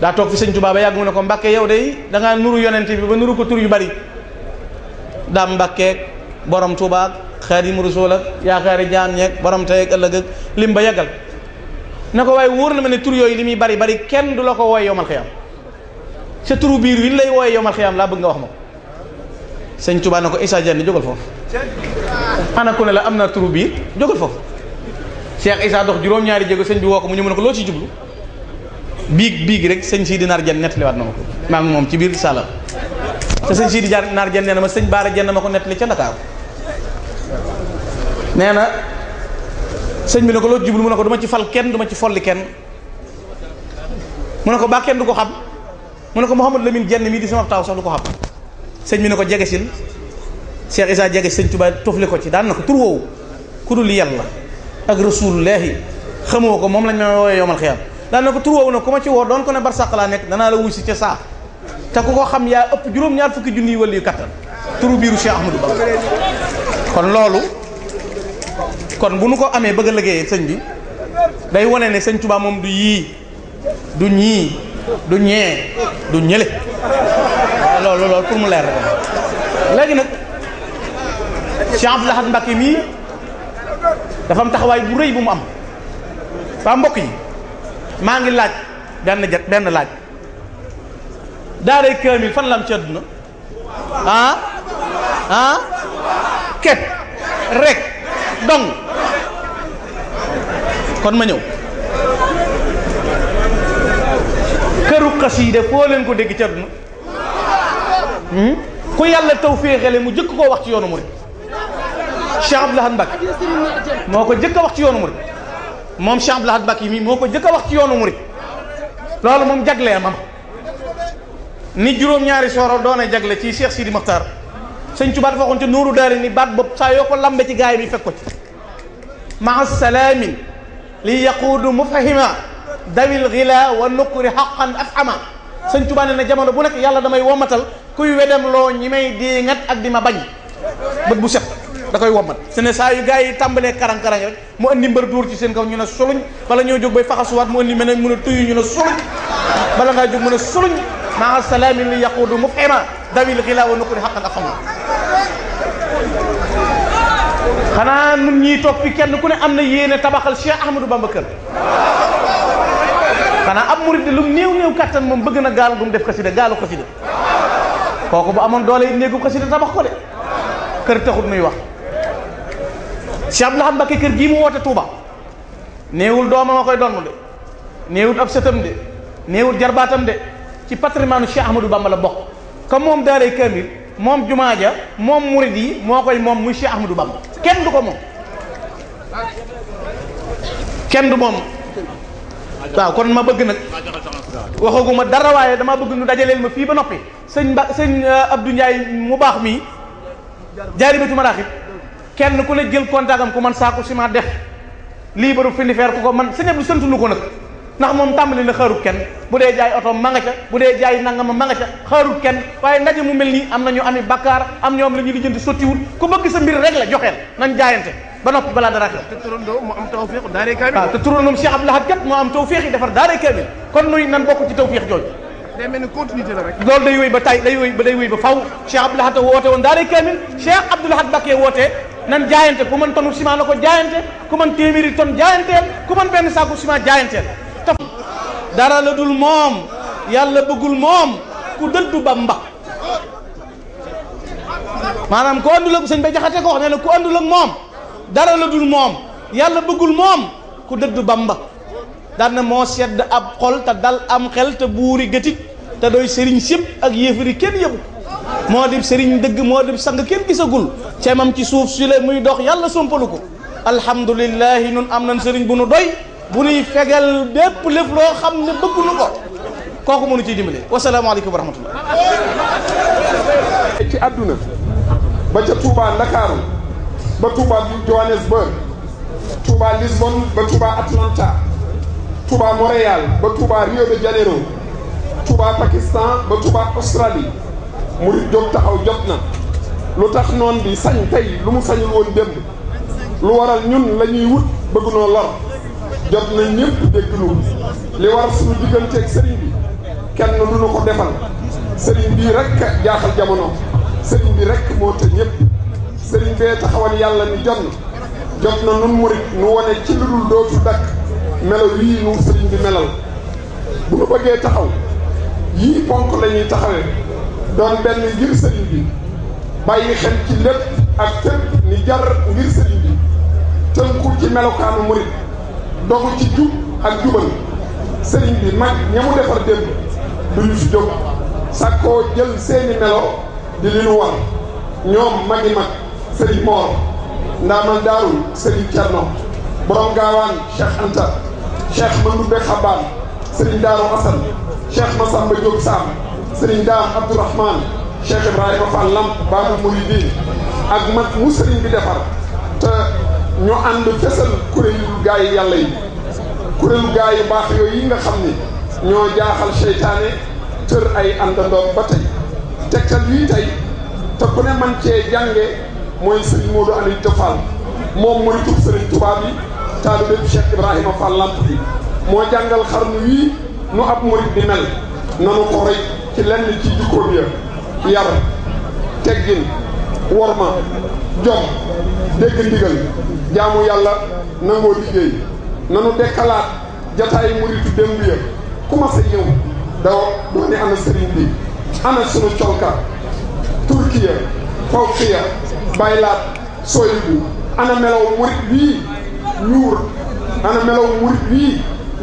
daa toog fi sëñ Tuubaa ba yàgg mu ne ko Mbàkke yow de da ngaa nuru yonent bi ba nuru ko tur yu bari daam Mbàkkeeg borom Tuubaa Xaadimu Rasuul ak yaakaari jaam ñeeg borom tey ak ëllëg ak lim ba yàggal na ko waaye wóor na ma ne tur yooyu li muy bari bari kenn du la ko wooy yowmal xiyaam sa turu biir wi lay wooye yowmal xiyaam laa bëgg nga wax ma sëñ Tuubaa ne ko Issa Diagne jógal foofu ana ku ne la am naa turu biir jógal foofu Cheikh Issa dox juróom-ñaari jéego sëñ bi woo ko mu ñu ko loo ci jublu biig biig rek sëñ Sidi Naar Diagne nettaliwaat na ma ko maa ngi moom ci biir sala te sëñ Sidi Naar Naar Diagne nee na ma sëñ Baara Diagne ma ko nettali ca Ndakaaru nee na sëñ bi ne ko loo jublu mu ne ko duma ci fal kenn duma ci folli kenn mu ne ko baa kenn du ko xam mu ne ko Mouhamadou Lamine Diagne mii di sama taaw sax du señ mi ne ko jegesil cheikh isa jege señ touba tofle ko ci dan na ko tur woowu ku dul ak rasulullahi xamoko mom lañ ma woyé yomal xiyam dan na ko tur woowu nag ku ci wo don ko ne barsàq la nek dana la wuy ci sa ta ku ko xam ya upp juróom-ñaar fukki junniy wala yu kattan turu biiru cheikh ahmadou ba kon lolu kon bu nu ko amé bëgg a señ bi day woné né señ touba mom du yi du ñi du ñé du ñëlé loolu loolu pour mu leer léegi nag Cheikh Abdou Lahad Mbacké mii dafa am taxawaay bu rëy bu mu am waa mbokk yi maa ngi laaj benn jet benn laaj daaray kaamil fan la am ci àdduna ah ah ket rek dong kon ma ñëw këru xasiida foo leen ko dégg ci àdduna ku yàlla taw lé mu jëkk koo wax ci yoonu murid Cheikh Abdou Lahad Mbacké moo ko wax ci yoonu murid moom Cheikh Abdou Lahad Mbacké yi mii moo wax ci yoonu murid loolu moom jaglee mam ni juróom-ñaari sooro doona jagle ci Cheikh Sidi Mokhtar sëñ Tuubaa dafa ci nuuru daari ni baat bopp saa yoo lambe ci gaay bi fekk ko ci maa salaamin li yaquudu mufahima dawil gila wa nukri xaqan afhama sëñ Tuubaa ne na jamono bu nekk yàlla damay womatal kuy wedem loo ñi may diingat ak di ma bañ bët bu set da koy womat se ne saa yu gars yi tàmbalee karang-karang rek mu andi mbër dóor ci seen kaw ñu ne suluñ bala ñoo jóg bay faxasuwaat mu andi meneen mun a tuyu ñu ne suluñ bala ngaa jóg mun a suluñ maa salaamin li yaquudu mufhima dawil xilaa wa nuqri xaqan axama xanaa nun ñii toog fi kenn ku ne am na yéene tabaxal Cheikh Ahmadou Bamba kër xanaa ab murit de lu néew néew kàttan moom bëgg na gaal bu mu def xasida gaalu xasida kooku bu amoon doole it néegu xasida tabax ko de kër taxut muy wax Cheikh Abdou Lahad Mbacké kër gii mu woote tuuba néewul doomam a koy donn de néewul ab sëtam de néewul jarbaatam de ci patrimoine Cheikh Ahmadou Bamba la bokk comme moom daaray kamil moom jumaa ja moom murid yi moo koy moom muy si Ahmadou Bamba kenn du ko moom kenn du moom waaw kon ma bëgg nak waxaguma dara waye dama bëgg ñu dajaleel ma fi ba noppi señ señ euh, abdou ndiaye mu baax mii jaaribatu maraxib kenn ku la jël contactam ku man ci ma def li findi fini fer ko man señ abdou lu ko nak nak mom tambali na xaru kenn bu dee jaay auto ma nga ca bu jaay nangam ma nga ca xaru kenn waye ndaje mu melni amna ñu ami bakkaar am ñoom la ñu soti wul ku bëgg sa mbir rek la joxel nañ jaayante ba noppi balaa dara xew. te turandoo mu am tawféexu mu am tawféex yi defar daaree kaamil kon nuy nan bokk ci tawféex jooju. day mel ni continuité la rek. loolu ba tay day wéy ba day wéy ba faw Cheikh Abdou woote woon daaree kaamil Cheikh Abdou Lahad Mbacké woote nan jaayante ku man tonu ciment la ko jaayante ku mën téeméeri ton jaayanteel ku mën benn saako ciment jaayanteel. dara la dul moom yàlla bëggul moom ku dëddu Bamba maanaam ku àndul ak sëñ ba jaxate ko wax ne ku àndul ak moom. dara la dul moom yàlla bëggul moom ku dëdd bamba daan na moo sedd ab xol te dal am xel te buuri gëtit te doy sëriñ sépp ak yéefari kenn yëbu moo dib sëriñ dëgg moo dib sang kenn gisagul ceemam ci suuf si la muy dox yàlla sompalu ko alhamdulillahi nun am nañ sëriñ bu nu doy bu nuy fegal bépp lépp loo xam ne bëggunu ko kooku mënu ciy dimbale wasalaamaaleykum wa rahmatullah ci àdduna ba ca Tuubaa Ndakaaru ba Touba Johannesburg Touba Lisbonne ba Touba Atlanta Touba Montréal ba Touba Rio de Janeiro Touba Pakistan ba Touba Australie murit jóg taxaw jot na lu tax noon bi sañ tey lu mu sañul woon démb lu waral ñun la ñuy wut bëgg noo lor jot na ñëpp dégg nu li war suñu digganteeg sëriñ bi kenn lu nu ko defal sëriñ bi rek jaaxal jamono sëriñ bi rek moo te ñëpp sëriñ bee taxawal yàlla ni jot na jot na nun murit nu wone ci lu dul dootu dakk melo yii nu sëriñ bi melal bu nu bëggee taxaw yii ponk la ñuy taxawee doon benn ngir sëriñ bi bàyyi xel ci lépp ak fépp ni jar ngir sëriñ bi tënku ci melokaanu murit dogu ci jub ak jubal sëriñ bi mag ña defar démb duñu fi jóg jël seeni melo di li nu war ñoom magi mag sëriñ Mor ndaamal daarul sëriñ Thierno borom gaawaan Cheikh Anta Cheikh Mandou Bek Xabaan sëriñ Daaru Asan Cheikh Massamba Diop Sam sëriñ Daam Abdourahman Cheikh Ibrahima Fall Lamp Baabul Muridiin ak mag mu sëriñ bi defar te ñu ànd fesal kuréelu gaay yàlla yi kuréelu gaay yu baax yooyu yi nga xam ni ñoo jaaxal seytaane tër ay àndandoom ba tey tegtal yuy tey te ku ne man cee jànge mooy Serigne Modou Aliou Fall moom mooy tur Serigne Touba bi taalibe Cheikh Ibrahima Fall Lamp bi moo jàngal xarnu yii nu ab murit di mel nanu ko roy ci lenn ci jikkoom ya yar teggin worma jom dégg ndigal jaamu yàlla nangoo liggéey nanu dekkalaat jataayi muritu démb ya commencé ñëw da doone ana sëriñ bi ana sunu colka turkiya fawqiya bàyyi laat sooyibu a melaw murit wii ñuur ana melaw murit wii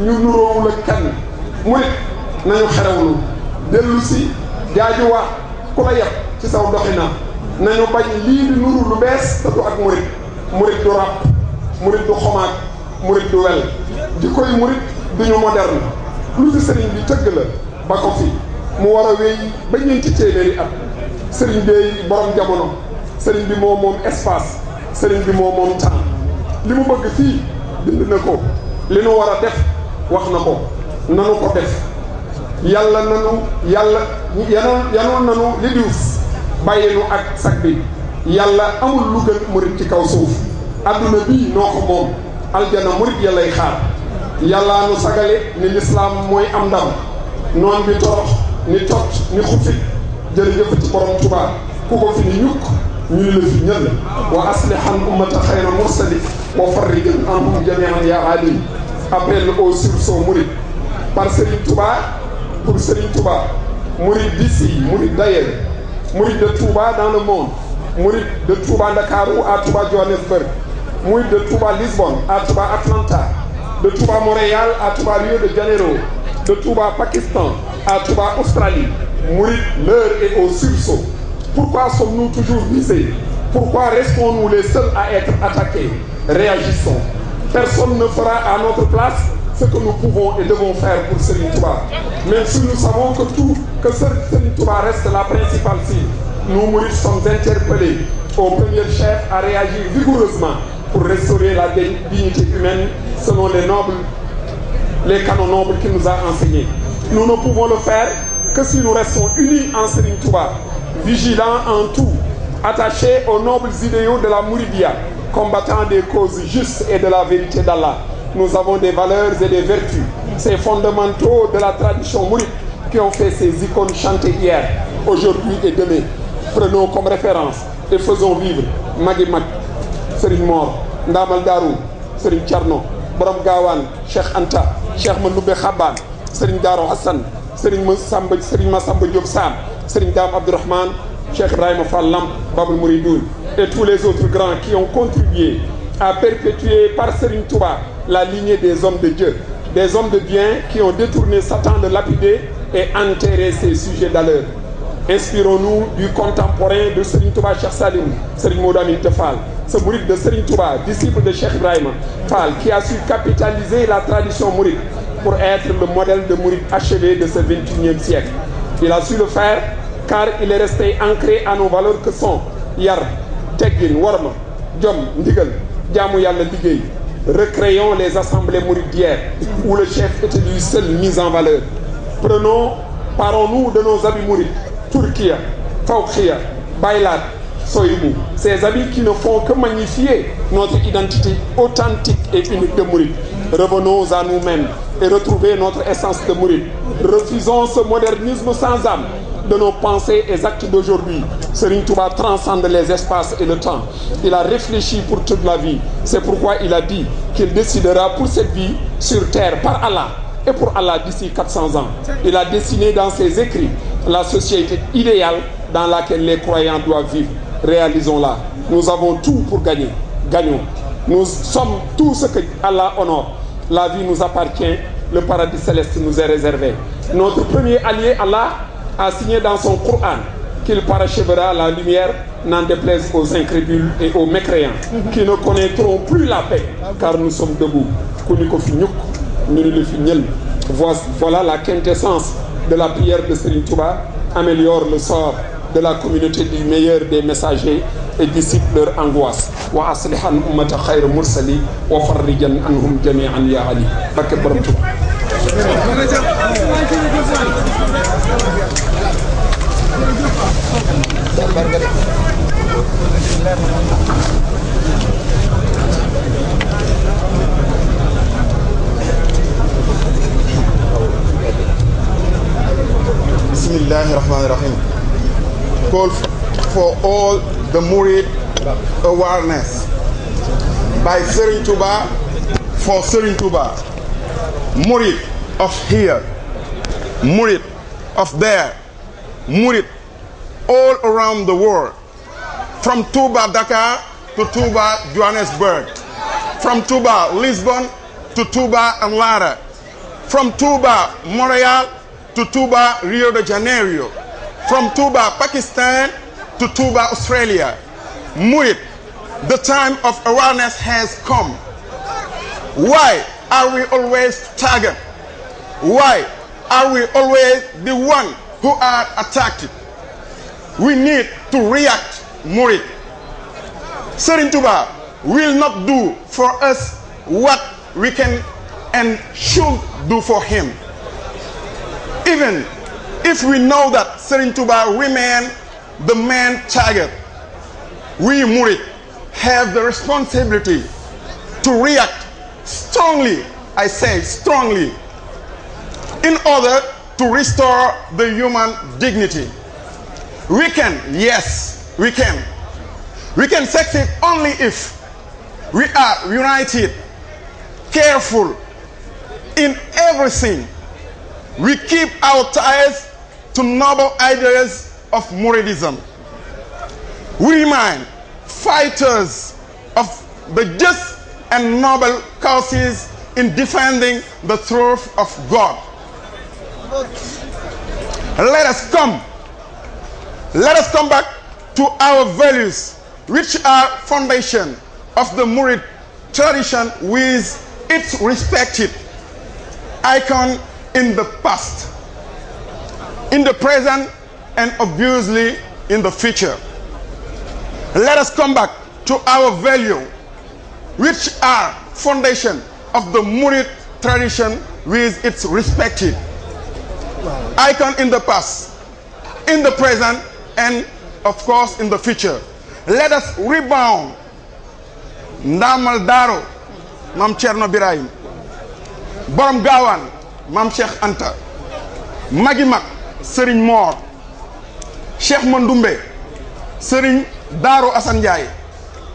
ñu nuróowul kenn murit nañu xerewlu dellu jaajuwaat ku la yeb ci saw doxina nañu bañ lii di nuru lu bees te du ak murit murit du ràpp murit du xomaag murit du wel di murit duñu moderne lu fi sëriñ bi tëgg la ba ko mu war a wéy ba ñeenti téeméeri at sëriñ bi borom jamono sëriñ bi moo moom espace sëriñ bi moo moom temps li mu bëgg fii bind na ko li nu war def wax na ko nanu ko def yàlla nanu yàlla yanoon nanu li diwus ak sag bi yàlla amul lu murit ci kaw suuf adduna bii noo ko moom aljana murit ya lay xaar nu sagale ni lislaam mooy am ndam noon bi torox ni tot ni xufit jërëjëf ci borom Tuubaa ku ko fi ni ñukk ñun la fi wa aslihan ummata appel au par Serigne Touba pour Serigne Touba mouride d'ici mouride d'ailleurs mouride de Touba dans le monde mouride de Touba à Touba Johannesburg mouride de Touba Lisbonne à Touba Atlanta de Touba Montréal à Touba Rio de Janeiro de Touba Pakistan à Touba Australie mouride l'heure est au sursaut pourquoi sommes-nous toujours visés Pourquoi restons-nous les seuls à être attaqués Réagissons. Personne ne fera à notre place ce que nous pouvons et devons faire pour Serine Touba. Même si nous savons que tout, que Serine Touba reste la principale cible, nous mourir sommes interpellés au premier chef à réagir vigoureusement pour restaurer la dignité humaine selon les nobles, les canons nobles qu'il nous a enseignés. Nous ne pouvons le faire que si nous restons unis en Serine Touba vigilant en tout, attaché aux nobles idéaux de la Mouridia, combattant des causes justes et de la vérité d'Allah. Nous avons des valeurs et des vertus. Ces fondamentaux de la tradition mouride qui ont fait ces icônes chanter hier, aujourd'hui et demain. Prenons comme référence et faisons vivre Magui Mag, Serine Mor, Ndamal Darou, Serine Tcharno, Bram Gawan, Cheikh Anta, Cheikh Manoube Khaban, Serine Darou Hassan, Serine Massamba Diop Sam, Serigne Abdurrahman, Cheikh Ibrahim Fallam, Babu Mouridou et tous les autres grands qui ont contribué à perpétuer par Serigne Touba la lignée des hommes de Dieu, des hommes de bien qui ont détourné Satan de lapider et enterré ses sujets d'alors. Inspirons-nous du contemporain de Serigne Touba Cheikh Salim, Serigne Moudamin Tefal, ce Mourid de Serigne Touba, disciple de Cheikh Ibrahim Fall, qui a su capitaliser la tradition mouride pour être le modèle de Mourid achevé de ce 21e siècle. Il a su le faire car il est resté ancré à nos valeurs que sont yar teggin warma Djom, ndigal Djamouyam Yalla recréons les assemblées mouridières où le chef était lui seul mis en valeur prenons parlons nous de nos habits mourides Turkia, Faukria, Bailar, soyibu ces habits qui ne font que magnifier notre identité authentique et unique de mouride Revenons à nous-mêmes et retrouver notre essence de mourir. Refusons ce modernisme sans âme de nos pensées et actes d'aujourd'hui. Serine Touba transcende les espaces et le temps. Il a réfléchi pour toute la vie. C'est pourquoi il a dit qu'il décidera pour cette vie sur terre par Allah et pour Allah d'ici 400 ans. Il a dessiné dans ses écrits la société idéale dans laquelle les croyants doivent vivre. Réalisons-la. Nous avons tout pour gagner. Gagnons. Nous sommes tout ce que Allah honore. La vie nous appartient, le paradis céleste nous est réservé. Notre premier allié, Allah, a signé dans son Coran qu'il parachèvera la lumière, n'en déplaise aux incrédules et aux mécréants, qui ne connaîtront plus la paix, car nous sommes debout. Voilà la quintessence de la prière de Sérine Touba, améliore le sort de la communauté du meilleur des messagers et dissipe leur angoisse wa aslih an ummata xayra mursali wa farrijan anhum jamian ya ali barke borom tub بسم الله الرحمن الرحيم كل for all the Murid awareness by Serin Tuba for Serin Tuba. Murid of here, Murid of there, Murid all around the world. From Tuba, Dakar to Tuba, Johannesburg. From Tuba, Lisbon to Tuba and Lara. From Tuba, Montreal to Tuba, Rio de Janeiro. From Tuba, Pakistan to Tuba, Australia. Murid, the time of awareness has come. Why are we always targeted? Why are we always the one who are attacked? We need to react, Murid. Serin Tuba will not do for us what we can and should do for him. Even if we know that Serin Tuba remains the main target. We Muri have the responsibility to react strongly, I say strongly, in order to restore the human dignity. We can, yes, we can. We can succeed only if we are united, careful in everything. We keep our ties to noble ideas of Muridism. We fighters of the just and noble causes in defending the throne of God. Let us come. Let us come back to our values, which are foundation of the Murid tradition with its respective icon in the past, in the present, and obviously in the future. Let us come back to our value, which are foundation of the Murid tradition with its respective icon in the past, in the present, and of course in the future. Let us rebound Namal Daro, Mam Cherno Birahim, Borom Gawan, Mam Cheikh Anta, Magimak, Sirin Mor, cheikh Mandoumbe sëriñ Daro Assane Sheikh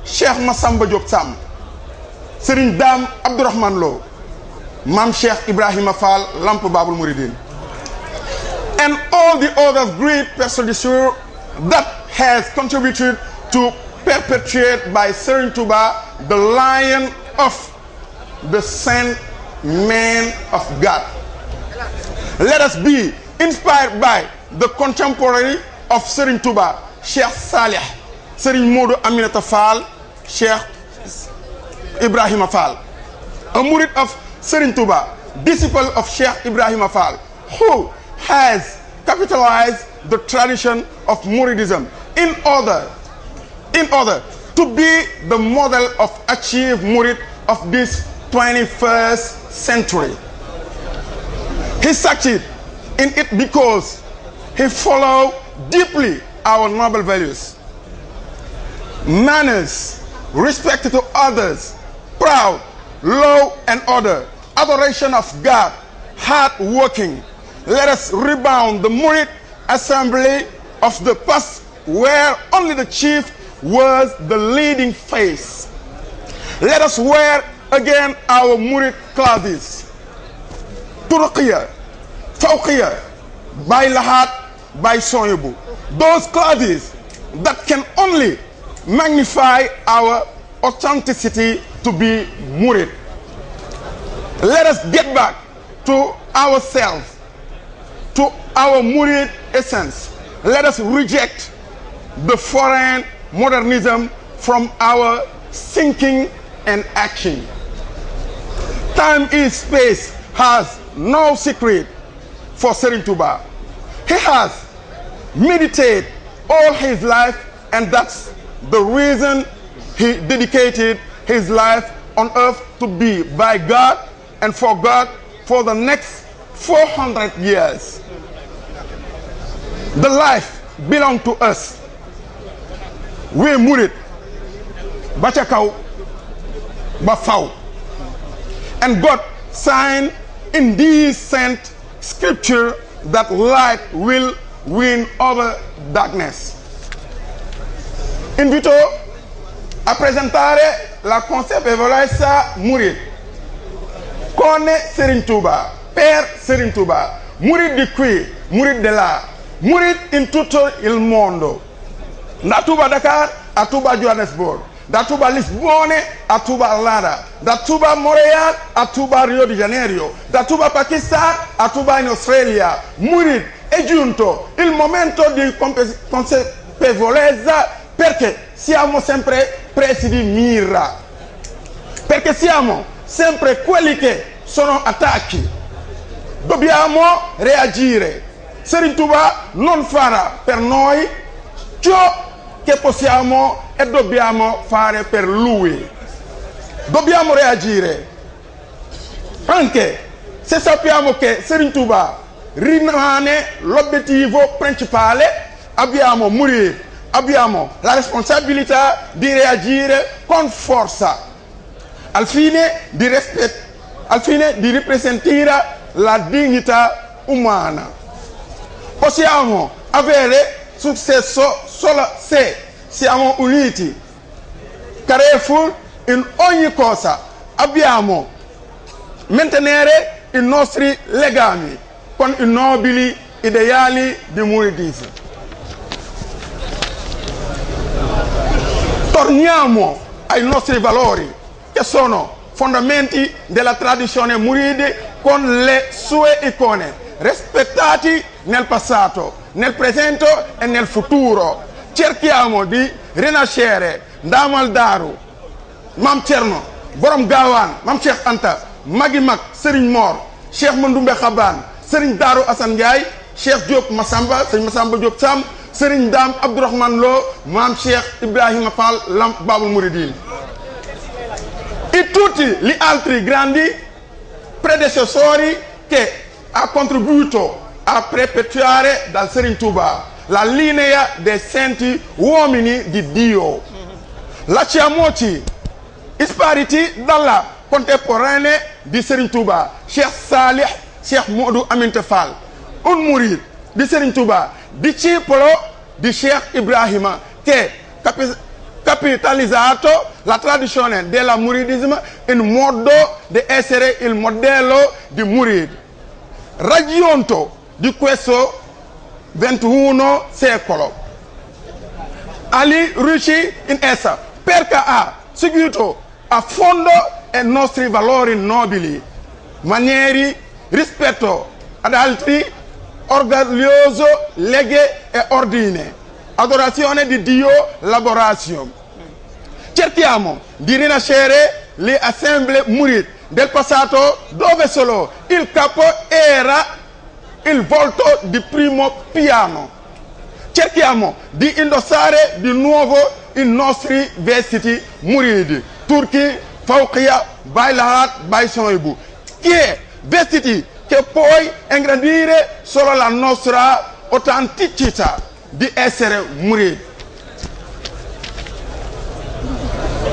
cheikh Massamba Diop Sam sëriñ Dam Abdourahman Lo Mam cheikh Ibrahim Afal Lamp Babul Mouridine and all the other great personalities that has contributed to perpetuate by Sëriñ Touba the lion of the saint man of God. Let us be inspired by the contemporary of Serigne Touba Cheikh Salih Serigne Modou Aminata Fall Cheikh Ibrahima Fall. A murid of Serigne Touba, disciple of Sheikh Ibrahima Fall, who has capitalized the tradition of Muridism in order, in order to be the model of achieved Murid of this 21st century. He succeeded in it because he followed deeply our noble values. Manners, respect to others, proud, law and order, adoration of God, hard working. Let us rebound the Murid assembly of the past where only the chief was the leading face. Let us wear again our Murid clothes. Turkiya, Fawqiya, Bailahat, by Sonyubu. Those qualities that can only magnify our authenticity to be murid. Let us get back to ourselves, to our murid essence. Let us reject the foreign modernism from our thinking and action. Time is space has no secret for Serin He has meditate all his life, and that's the reason he dedicated his life on earth to be by God and for God for the next 400 years. The life belongs to us. We murid ba ca ba faw. And God signed in these sent scripture that light will win over darkness. Invito a presentare la consapevolezza morire con Serin Touba, per Serintuba, Touba. di qui, morire di là, morire in tutto il mondo. Da Touba Dakar a Touba Johannesburg da Tuba Lisbone a Tuba Atlanta, da Tuba Montreal a Tuba Rio de Janeiro, da Tuba Pakistan a Tuba in Australia. Murid è giunto il momento di consapevolezza perché siamo sempre presi di mira, perché siamo sempre quelli che sono attacchi. Dobbiamo reagire. Serintuba non farà per noi ciò che possiamo e dobbiamo fare per lui. Dobbiamo reagire, anche se sappiamo che Serintuba rinane l'obiettivo principale, abbiamo, morire, abbiamo la responsabilità di reagire con forza al fine di, rispet- al fine di ripresentare la dignità umana. Possiamo avere successo solo se siamo uniti. Careful in ogni cosa abbiamo mantenere i nostri legami con i nobili ideali di muridismo. Torniamo ai nostri valori che sono fondamenti della tradizione muride con le sue icone, rispettati nel passato, nel presente e nel futuro. Cerchiamo di rinascere Ndamal Daru, Mam Cerno, Borom Gawan, Mam Cheikh Anta, Magimak, Serigne Mor, Cheikh Mandoumbe Khaban, Serigne Daaru Assane Ndiaye Cheikh Diop Massamba sëñ Massamba Diop Sam Serigne Dame Abdourahmane Lo maam Cheikh Ibrahima Fall Lamp Babul Mouridine I tutti gli altri grandi predecessori che ha contribuito a perpetuare dal Serigne Touba la linea dei santi uomini di Dio. La Chiamoti Ispariti dalla contemporanea di Serintuba, Touba, Cheikh Salih Cheikh Modou Aminta Fall un murid di Serigne Touba di Cipolo di Cheikh Ibrahima che capitalizzato la tradizione della muridismo in modo di essere il modello di murid ragionto di questo 21 secolo Ali riuscì in essa perché ha seguito a fondo i nostri valori nobili manieri rispetto ad altri, orgoglioso, legge e ordine. Adorazione di Dio, laborazione. Cerchiamo di rinascere le assemblee murite del passato dove solo il capo era il volto di primo piano. Cerchiamo di indossare di nuovo i nostri vestiti muriti. turchi, fauqia, bailahat, baisoibu, che vestiti che poi ingrandire solo la nostra autenticità di essere muri.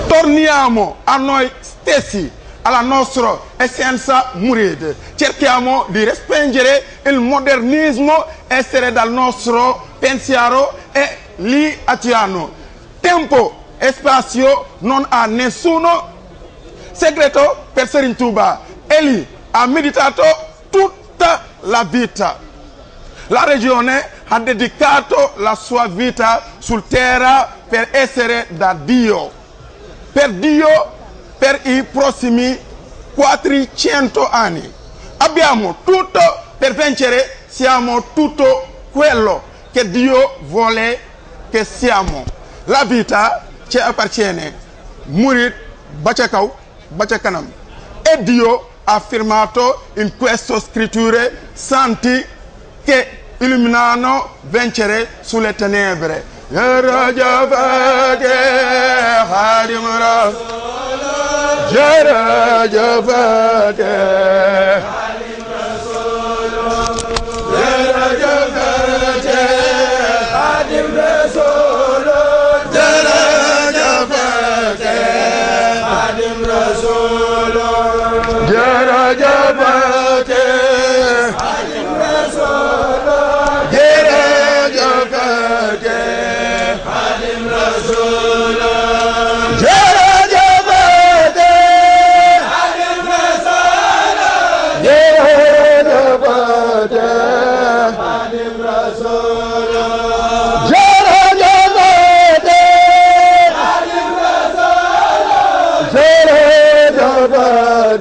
Torniamo a noi stessi, alla nostra essenza muride. Cerchiamo di respingere il modernismo, essere dal nostro pensiero e lì attiano. Tempo e spazio non ha nessuno segreto per Serin Tuba. E lì ha meditato tutta la vita. La regione ha dedicato la sua vita sul terra per essere da Dio, per Dio per i prossimi 400 anni. Abbiamo tutto per vincere, siamo tutto quello che Dio vuole che siamo. La vita ci appartiene. Murit, Bacakau, Bacakanam. E Dio ha in questa scrittura santi che illuminano vincere sulle tenebre. Jara Ahmad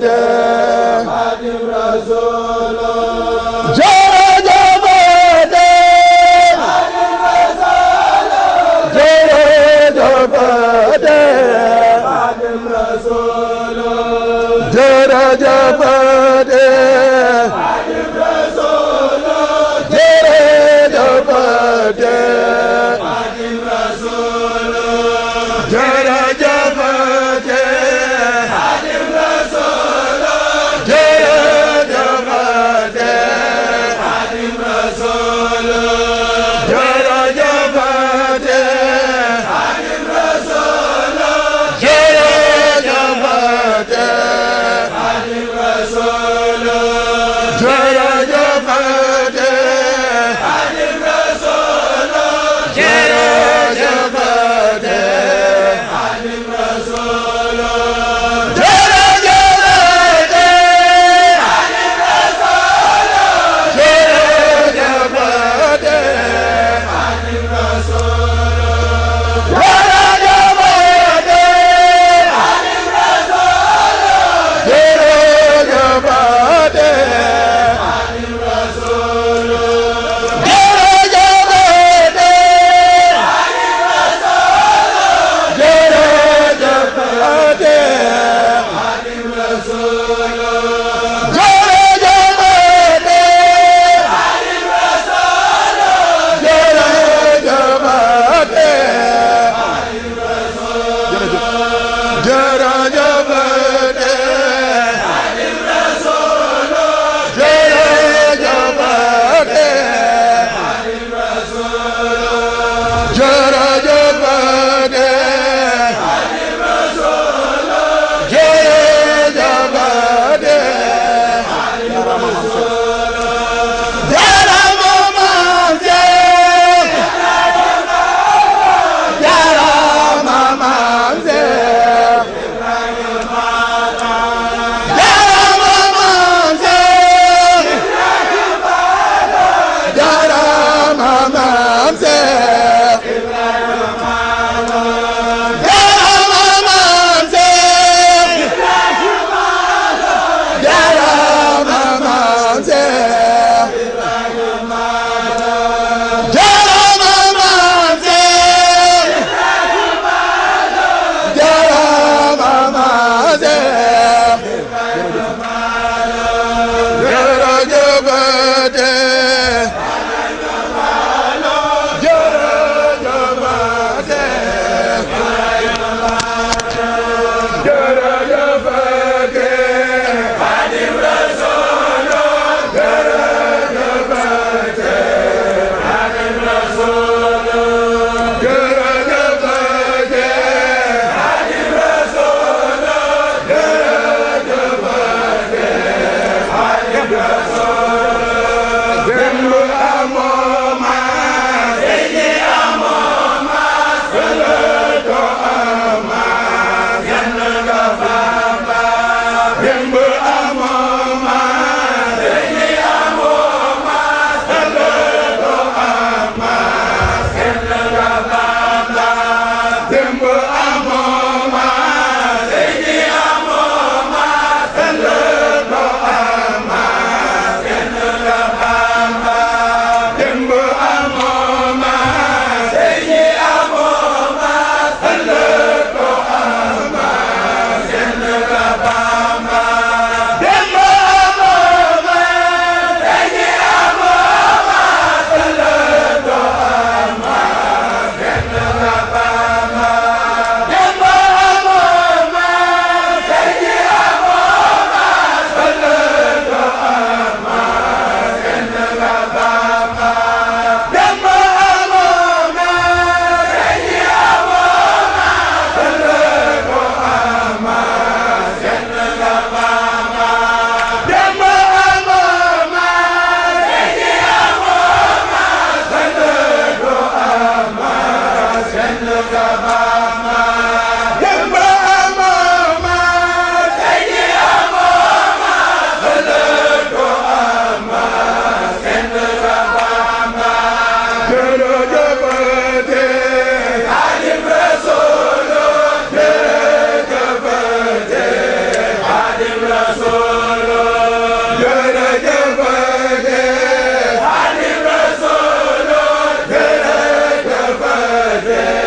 Yeah.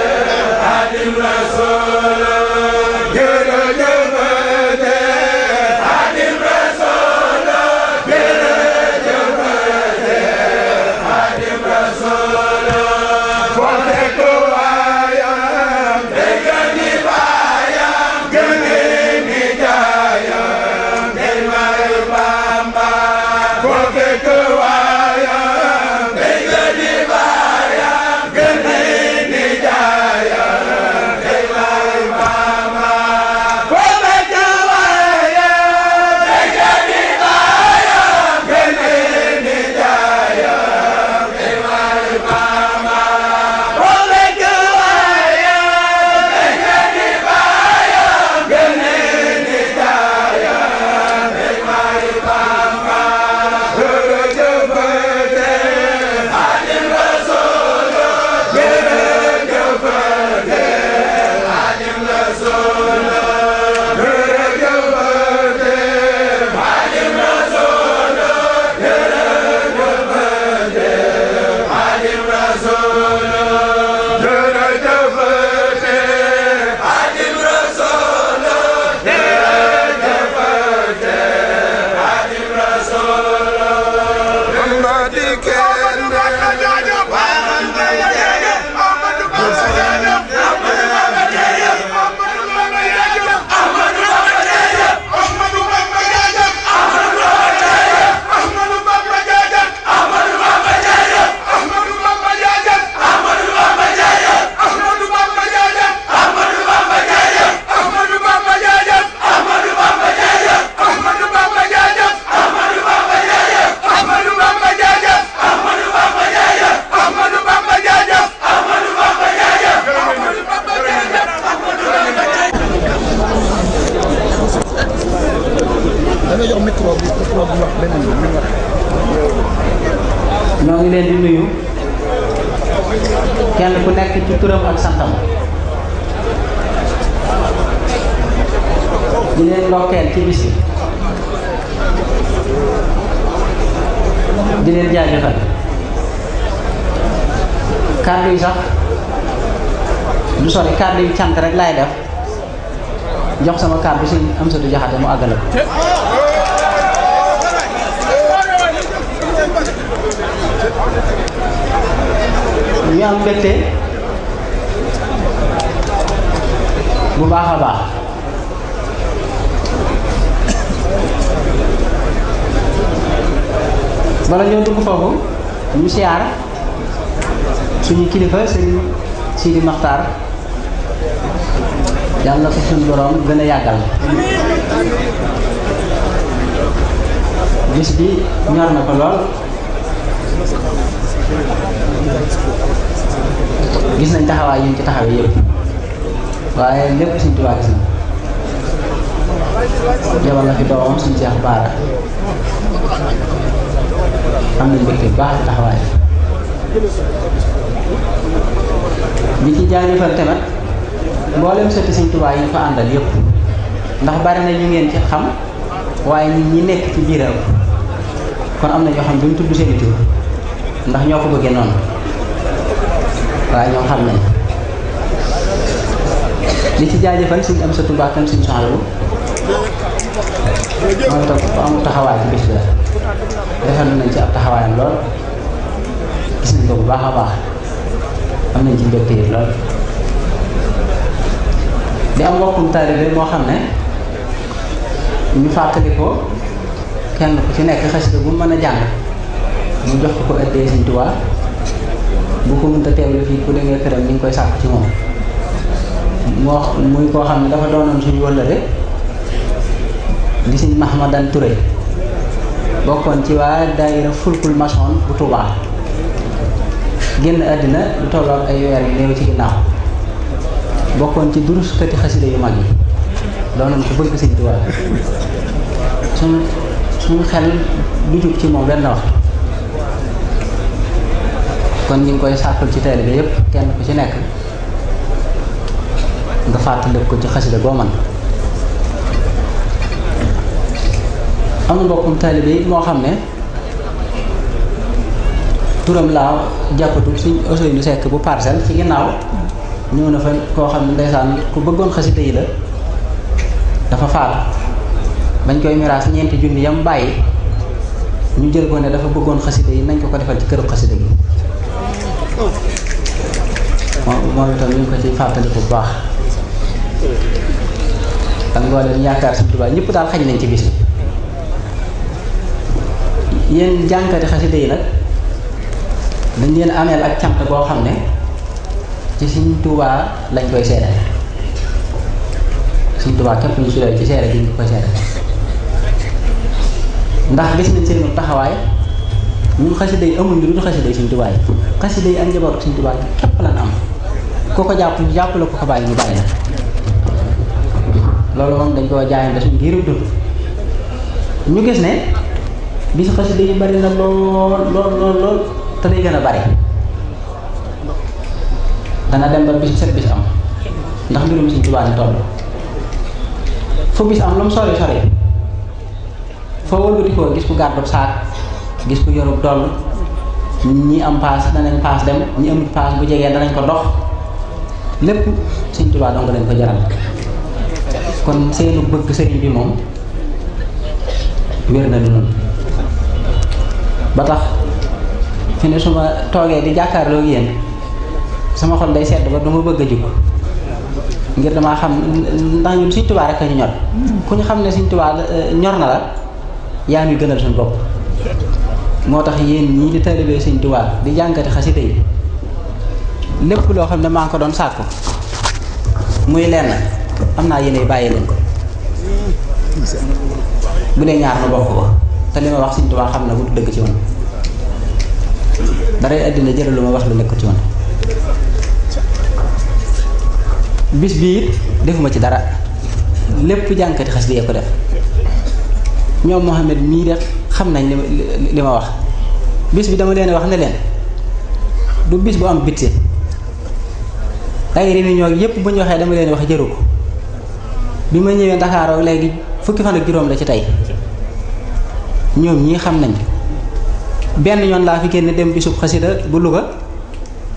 jox sama carte ci am sa jaxate mu agal ñu am mbété bu baaxa baax bala ñoo dugg foofu ñu siyaar suñu kilifa sëriñ sidi makhtar yalla ko sun borom gëna yagal gis bi ñor na ko lol gis nañ taxawa yu ci taxawé yépp waye lepp ci tuba ci ya wala na fi doomam suñ seex baara am nañ mbégte bu baax taxawaay bi ci jaajëfal tamit mboolem sëti Sëñ Tuubaa yi fa àndal yëpp ndax bari na ngeen ci xam waaye nit ñi nekk ci biir kon am na ñoo xam duñ tudd ndax ñoo ko bëggee noonu xam nañ li ci jaajëfal suñ am sa Tuubaa tam suñ soxla moom itam ku am taxawaay ci bis la defal nañ ci ab taxawaayam lool gis nañ ko bu baax a baax am nañ ci mbégte yi lool di am mbokkum taalibe moo xam ne ñu fàttali ko kenn ku ci nekk xasida bu mën a jàng mu jox ko addee Sëñ Tuubaa bu ko mënta teewlu fii ku demee këram ñu koy sàkk ci moom moo muy koo xam ne dafa doonoon suñu wëllëre di Sëñ Mahmadan Touré bokkoon ci waa daayira fulkul maçon bu Tuubaa génn àddina lu tolloog ay weer yu néew ci ginnaaw bokkoon ci duruskati xasida yu mag yi doonoon ku bëgg sëñ Tuubaa suñ suñ xel du jub ci moom benn wax kon ñu ngi koy sàkkul ci taalibe yépp kenn ku ci nekk nga fàttaliku ko ci xasida goo mën amul mbokkum taalibe yi moo xam ne turam laa jàppatu suñ Ousseynou sekk bu parcelle ci ginnaaw ñëw na fa koo xam ne ndeysaan ku bëggoon xasida yi la dafa faatu bañ koy miraas ñeenti junni yam bàyyi ñu jël ko ne dafa bëggoon xasida yi nañ ko ko defal ci këru xasida gi moom moom itam ñu ngi ko ci fàttali bu baax ak mbooleem yaakaar Sëñ Tuubaa ñëpp daal xañ nañ ci bis yenn jànkati xasida yi nag dañ leen ameel ak cant boo xam ne ci Serigne Touba lañ koy séré Serigne Touba képp ñu lay ci séré dañ ko séré ndax gis nañ seen taxaway ñu xasida day amuñ ñu dul day yi Serigne Touba yi xasida yi am njaboot Serigne Touba képp lañ am ko ko japp ñu japp la ko xabaay ñu bayina lolu mom moom dañ koo jaayante suñ giiru du ñu gis ne bisu xasida day bari na lool lool lool lool te day bari dana dem ba bis set bis am ndax mbirum seigne touba ni tollu fu bis am lam mu sori sori foo wëlbati koo gis ku gàddu sak gis ku yorub doll ñi am pass dana ñu pass dem ñi am pass bu jégué dana ñu ko dox lepp seigne touba dong lañ ko jaral kon seenu bëgg seigne bi mom wér na du noonu ba tax fi ne su toogee di jàkkaarloo yéen sama xol day sedd ba dama bëgg a jóg ngir damaa xam ndax ñun Sëñ Tuubaa rek ñu ñor ku ñu xam ne Sëñ Tuubaa eh, ñor na la yaa ngi gënal suñu bopp moo tax yéen ñii di taalibee Sëñ Tuubaa di jànkati xasida yi lépp loo xam ne maa ngi ko doon sàkku muy lenn am naa yéene bàyyi leen ko bu dee ñaar ma bokk ko te li ma wax Sëñ Tuubaa xam na bu dëgg ci woon daray àddina jëral lu ma wax lu nekk ci woon bis bi defuma ci dara lépp jànkati xas di ko def ñoom Mohamed mii de xam nañ li ma wax bis bi dama leen wax ne leen du bis bu am bitte ay réunion yépp bu ñu waxee dama leen wax jëru ko bi ma ñëwee Ndakaaru léegi fukki fan ak juróom la ci tey ñoom ñii xam nañ benn yoon laa fi génn dem bisub xasida bu Louga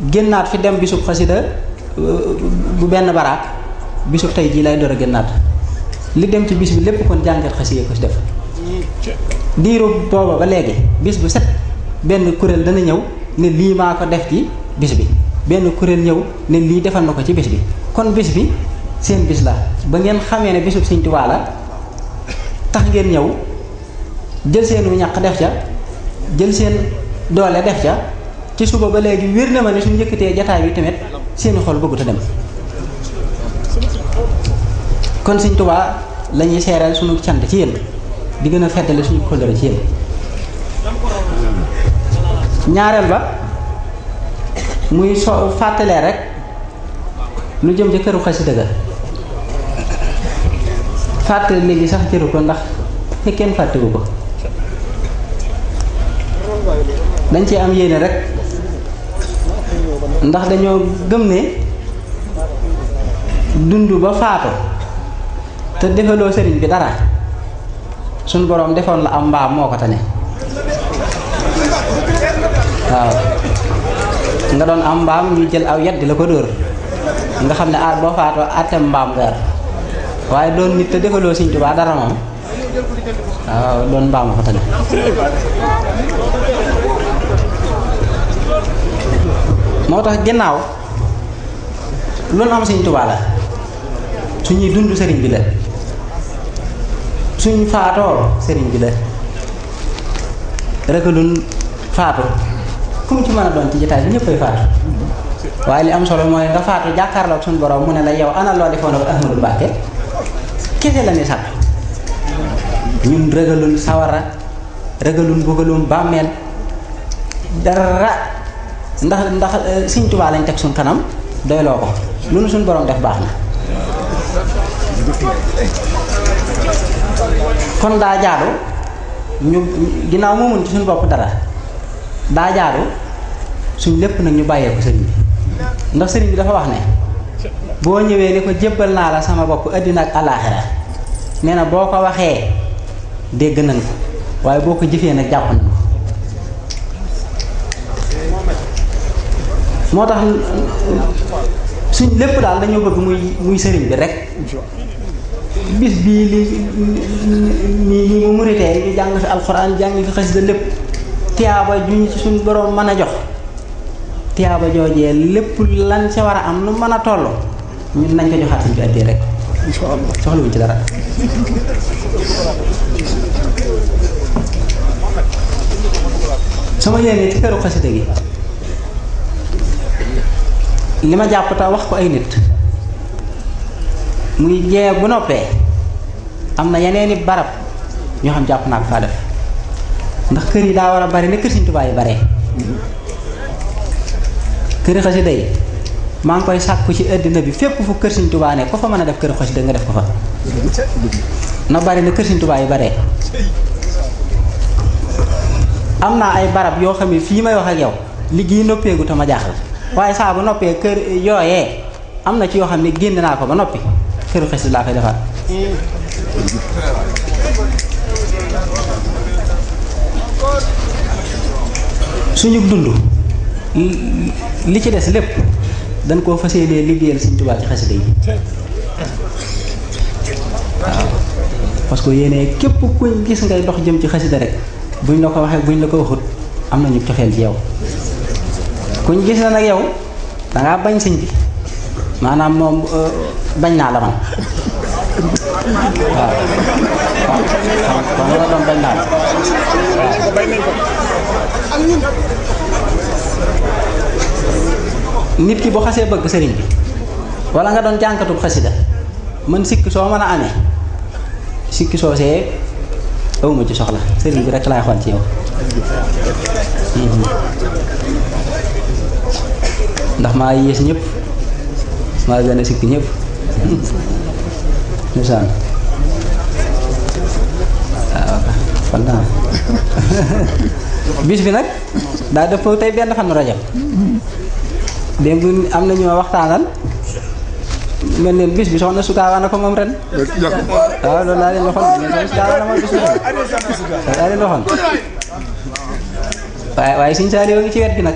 génnaat fi dem bisub xasida bu barak baraak bisub tey jii lay door gennat li dem ci bis bi lepp kon jangal xasiye ko ci def diiru booba ba legi bis bu set ben kurel dana ñew ne li maa def ci bis bi ben kurel ñew ne li defal nako ci bis bi kon bis bi seen bis la ba ngeen xamé ne bisub seigne touba la tax ngeen ñew jël seenu ñak def ca jël seen doole def ca ci suba ba legi wirna ma ne suñu jotaay bi tamet seeni xol bëggut a dem kon sëñ Tuubaa la ñuy suñu cant ci yéen di gën a feddale suñu kóllëre ci yéen ñaareel ba muy so fàttalee rek lu jëm ci këru xasida ga fàttali léegi sax jëru ko ndax fekkeen fàttewu ko dañ ci am yéene rek ndax dañoo gëm ne dund ba faatu te defaloo sëriñ bi dara sun borom defoon la am mbaam moo ko tane waaw nga doon am mbaam ñu jël aw yedd la ko dóor nga xam ne aar boo faatoo atem mbaam gaar waaye doon nit te defaloo sëriñ tubaa dara moom waaw doon mbaam ko tane moo tax ginnaaw loolu am Sëriñ Tuubaa suñuy dund sëriñ bi la suñ faatoo sëriñ bi la rëkkalun faatu ku mu ci mën a doon ci jotaay bi ñëppay faatu waaye li am solo mooy nga faatu jàkkaarloog suñu borom mu ne la yow ana loo defoon ak Ahmadou Mbacke kese la ni sàpp ñun rëgalun sawara rëgalun bugalum bàmmeel dara ndax ndax eh, Sëriñ Tuubaa lañ teg suñ kanam doyloo ko lu nu suñ borom def baax na kon daa jaadu ñu ginnaaw moomun ci suñu bopp dara daa jaadu suñ lépp nag ñu bàyyee ko sëriñ bi ndax sëriñ bi dafa wax ne boo ñëwee ni ko jébbal naa la sama bopp àddina ak alaaxira nee na boo ko waxee dégg nañ ko waaye boo ko jëfee nag jàpp nañ motax suñ lepp dal dañu bëgg muy muy sëriñ bi rek bis bi li ni ni mu muritee ñu ya, jang fi alquran jang fi xassida lepp tiyaba ju ñu ci suñ borom mëna jox tiyaba jojé lepp lan ci wara am lu mëna tollu toll ñun nañ ko joxaat ci bi addee rek soxlawuñ ci dara sama yene ya, ci këru xassida gi li ma jàpp ta wax ko ay nit muy jee bu noppee am na yeneen it barab ñoo xam jàpp naa ko faa def ndax kër yi daa war a bari ne kër Sëriñ Tuubaa yi bare kër xasida maa ngi koy sàkku ci àddina bi fépp fu kër Sëriñ Tuubaa ko fa mën a def kër xasida nga def ko fa na bari ne kër Sëriñ Tuubaa yi bare am naa ay barab yoo xam ne fii may wax ak yow liggéey noppeegu te ma jaaxal waaye saa ba noppee kër yooyee am na ci yoo xam ne génn naa ko ba noppi këru xis laa koy defaat suñu dund li ci des lépp dañ koo fas yéenee liggéeyal Sëriñ Tuubaa ci xasida yi waaw parce que yéenee képp kuñ gis ngay dox jëm ci xasida rek buñ la ko waxee buñ la ko waxut am na ñu joxeel ci yow kuñ gis la nak yow da nga bañ señ bi manam mom eh, bañ na la man nit ki bo xasse bëgg señ bi wala nga doon jankatu xasida man sikk so mën ané amee so sé awuma ci soxla señ bi rek oh, lay xool ci yow hmm ndax ma yees ya ñep ma gëna sik ñep ñëpp ndeysaan bis bi nag da def tay ben fan rajab démb am na ñu waxtaanal mel leen bis bi soxna sukaawaana ko mom ren ah do laa leen waxoon da soxna sukaawaana moom bis bi ren laa leen waxoon waaye waaye suñ saa réew ci wet bi nak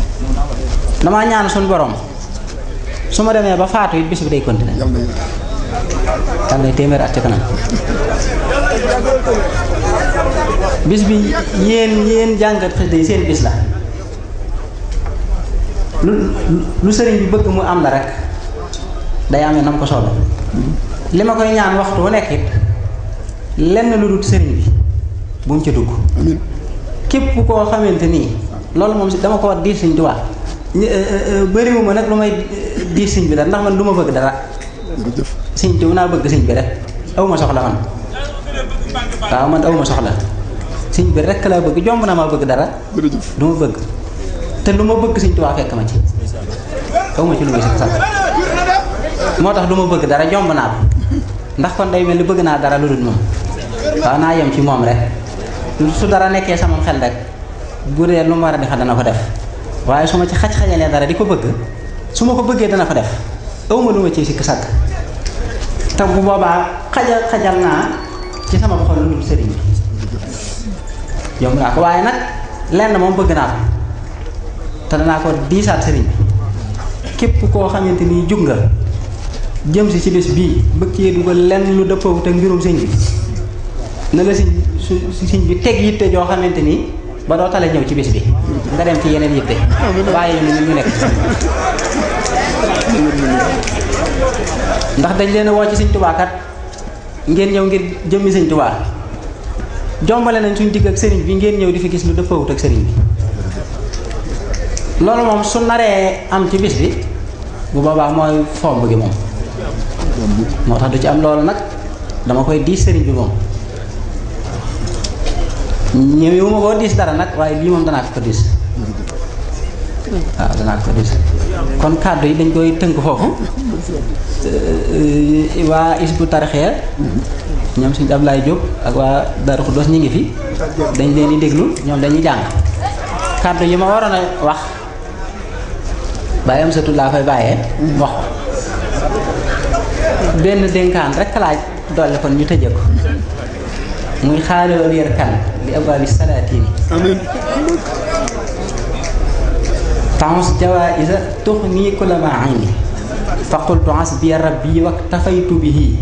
dama ñaan sun borom suma démé ba faatu it bis day continuer tan lay témer at kanam bis bi yéen jangat day seen bis la lu lu sëriñ bi bëgg mu am la rek day amee nam ko solo waktu koy ñaan waxtu nekk it lenn lu dut sëriñ bi buñ ci dugg képp ko xamanteni mom dama ko war di Eh, eh, eh, bëriwu ma nag lu may diir sëñ bi dara ndax man du ma bëgg dara. siñ sëñ bi naa bëgg sëñ bi rek aw ma soxla man waaw man aw soxla sëñ bi rek laa bëgg jomb naa maa bëgg dara. jërëjëf bëgg te lu ma bëgg sëñ Tuubaa fekk ma ci aw ma ci lu muy sax sax moo tax du ma bëgg dara jomb naa ko ndax kon day mel ni bëgg naa dara lu dul moom waaw naa yem ci moom rek su dara nekkee sama xel rek bu dee lu mu war a defee dana ko def. waaye su ma ci xaj-xajalee dara di ko bëgg su ma ko bëggee dana ko def awma lu ma ci sikk sàkk te bu boobaa xajal xajal naa ci sama xol lu dul sëriñ bi yomb naa ko waaye nag lenn moom bëgg naa ko te danaa ko diisaat sëriñ bi képp koo xamante ni jug nga jëm si ci bés bii bëgg cee dugal lenn lu dëppawut te ngirum sëñ bi na la sëñ sëñ bi teg yitte joo xamante nii ba doo talee ñëw ci bis bi nga dem ci yeneen yitte waaye ñu ñu nekk ndax dañ leen woo ci sëñ Tuubaa ngeen ñëw ngir jëmmi sëñ Tuubaa jombale nañ suñ digg ak sëriñ bi ngeen ñëw di fi gis lu dëppawut ak sëriñ bi loolu moom su naree am ci bis bi bu boobaa mooy fomb gi moom moo tax du ci am loolu nag dama koy diis sëriñ bi moom ñëwuma koo diis dara nag waaye lii moom danaa fi ko diis waaw danaa fi ko diis kon kàddu yi dañ koy tënk foofu waa isbu tarixee ñoom suñu Ablaye Diop ak waa Darou Khoudoss ñu ngi fi dañ leen di déglu ñoom dañuy jàng kàddu yi ma waroon a wax bàyyi am surtout laa fay bàyyee wax benn dénkaan rek laa dolli kon ñu tëjee ko muy xaarewal yar kan li abwaabi salaatini amiin tamus jawaisa tux nii ku la ma ayni fa qultu hasbiya rabbi waktafaytu bihi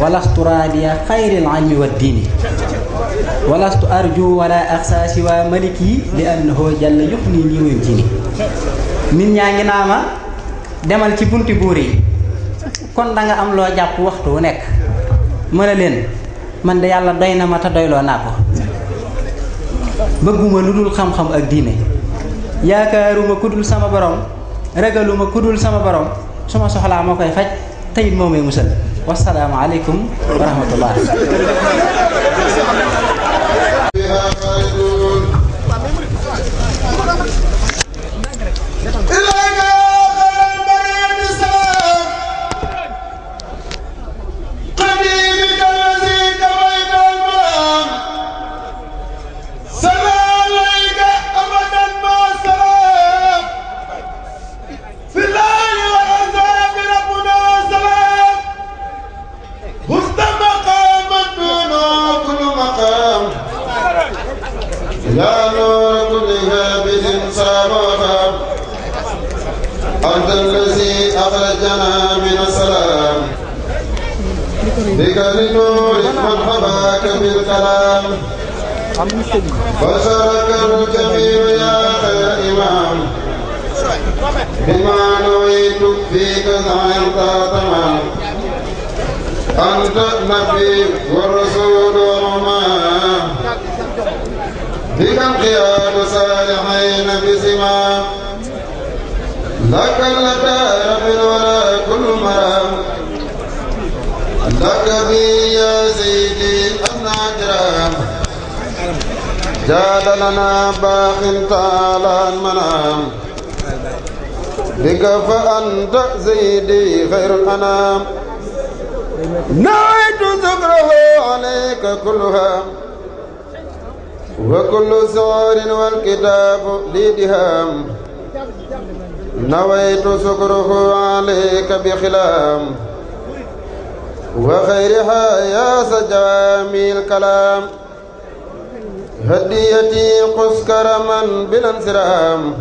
walastu raadiya xayril ilmi wa diini walastu arju wala axsa siwa maliki li annahu jalla yuxni nii wa jini nit ñaa ngi naa ma demal ci bunti buur yi kon da am loo jàpp waxtu wu nekk mën a leen man de yàlla doy na ma te doyloo naa ko bëgguma lu dul xam-xam ak diine yaakaaruma ku dul sama borom ragaluma ku dul sama borom su ma soxlaa ma koy faj teyit moo may musal wassalaamu aleykum wa أخرجنا من السلام بكر نور من حباك بالكلام بشرك الجميع يا خير إمام بما نويت فيك زعمت تمام أنت النبي والرسول وما بك القياد صالحين بزمام لك كل لك بي يا جاد لنا باخ تعالى المنام بك فأنت زيدي خير الأنام نعيت ذكره عليك كلها وكل سور والكتاب لدهام نويت شكره عليك بخلام وخيرها يا سجامي الكلام هديتي قس كرما بلا انسرام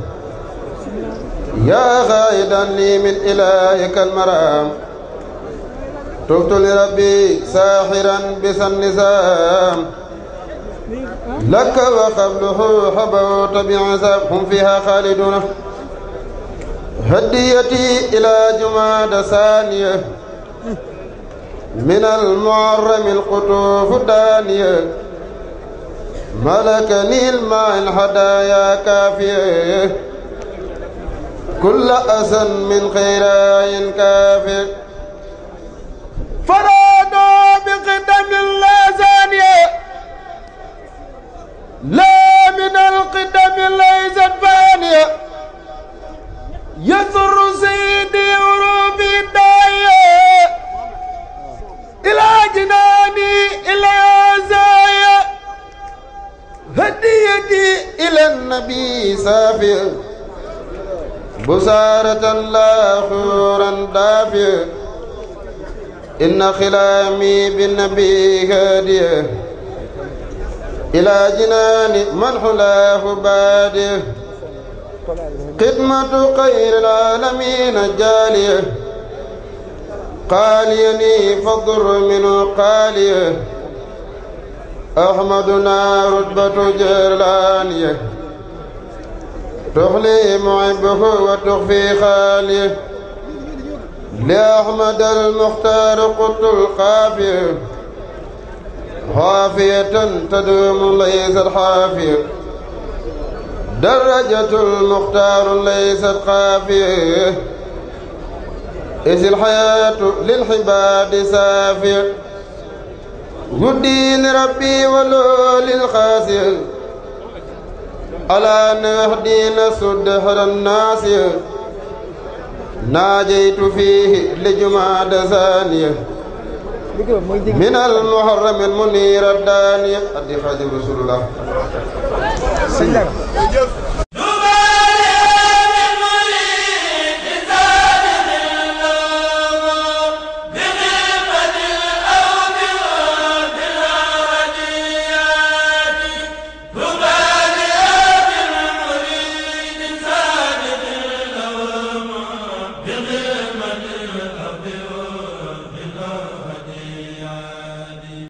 يا غائدا لي من إلهك المرام تبت لربي ساحرا بس النسام لك وقبله حبوت بعذاب هم فيها خالدون هديتي إلى جماد ثانية من المعرم القطوف دانية ملكني الماء الهدايا كافية كل أسن من خيراي كافية فنادوا بقدم الله زانية لا من القدم ليست فانية ينظر سيدي وروبي الداية إلى جناني إلى عزايا هديتي إلى النبي سافر بصارة الله خورا دافئ إن خلامي بالنبي هاديه إلى جنان من حلاه باديه خدمة خير العالمين جالية قاليني فضر من قالية أحمدنا رتبة جرلانية تخلي معبه وتخفي خاليه لأحمد المختار قط القافية حافية تدوم ليس الحافية درجة المختار ليست خافيه إذ الحياة للحباد سافية جدي ربي ولو للخاسر ألا نهدينا سدهر الناس ناجيت فيه لجماد ثانيه من المحرم المنير الداني قد خادم رسول الله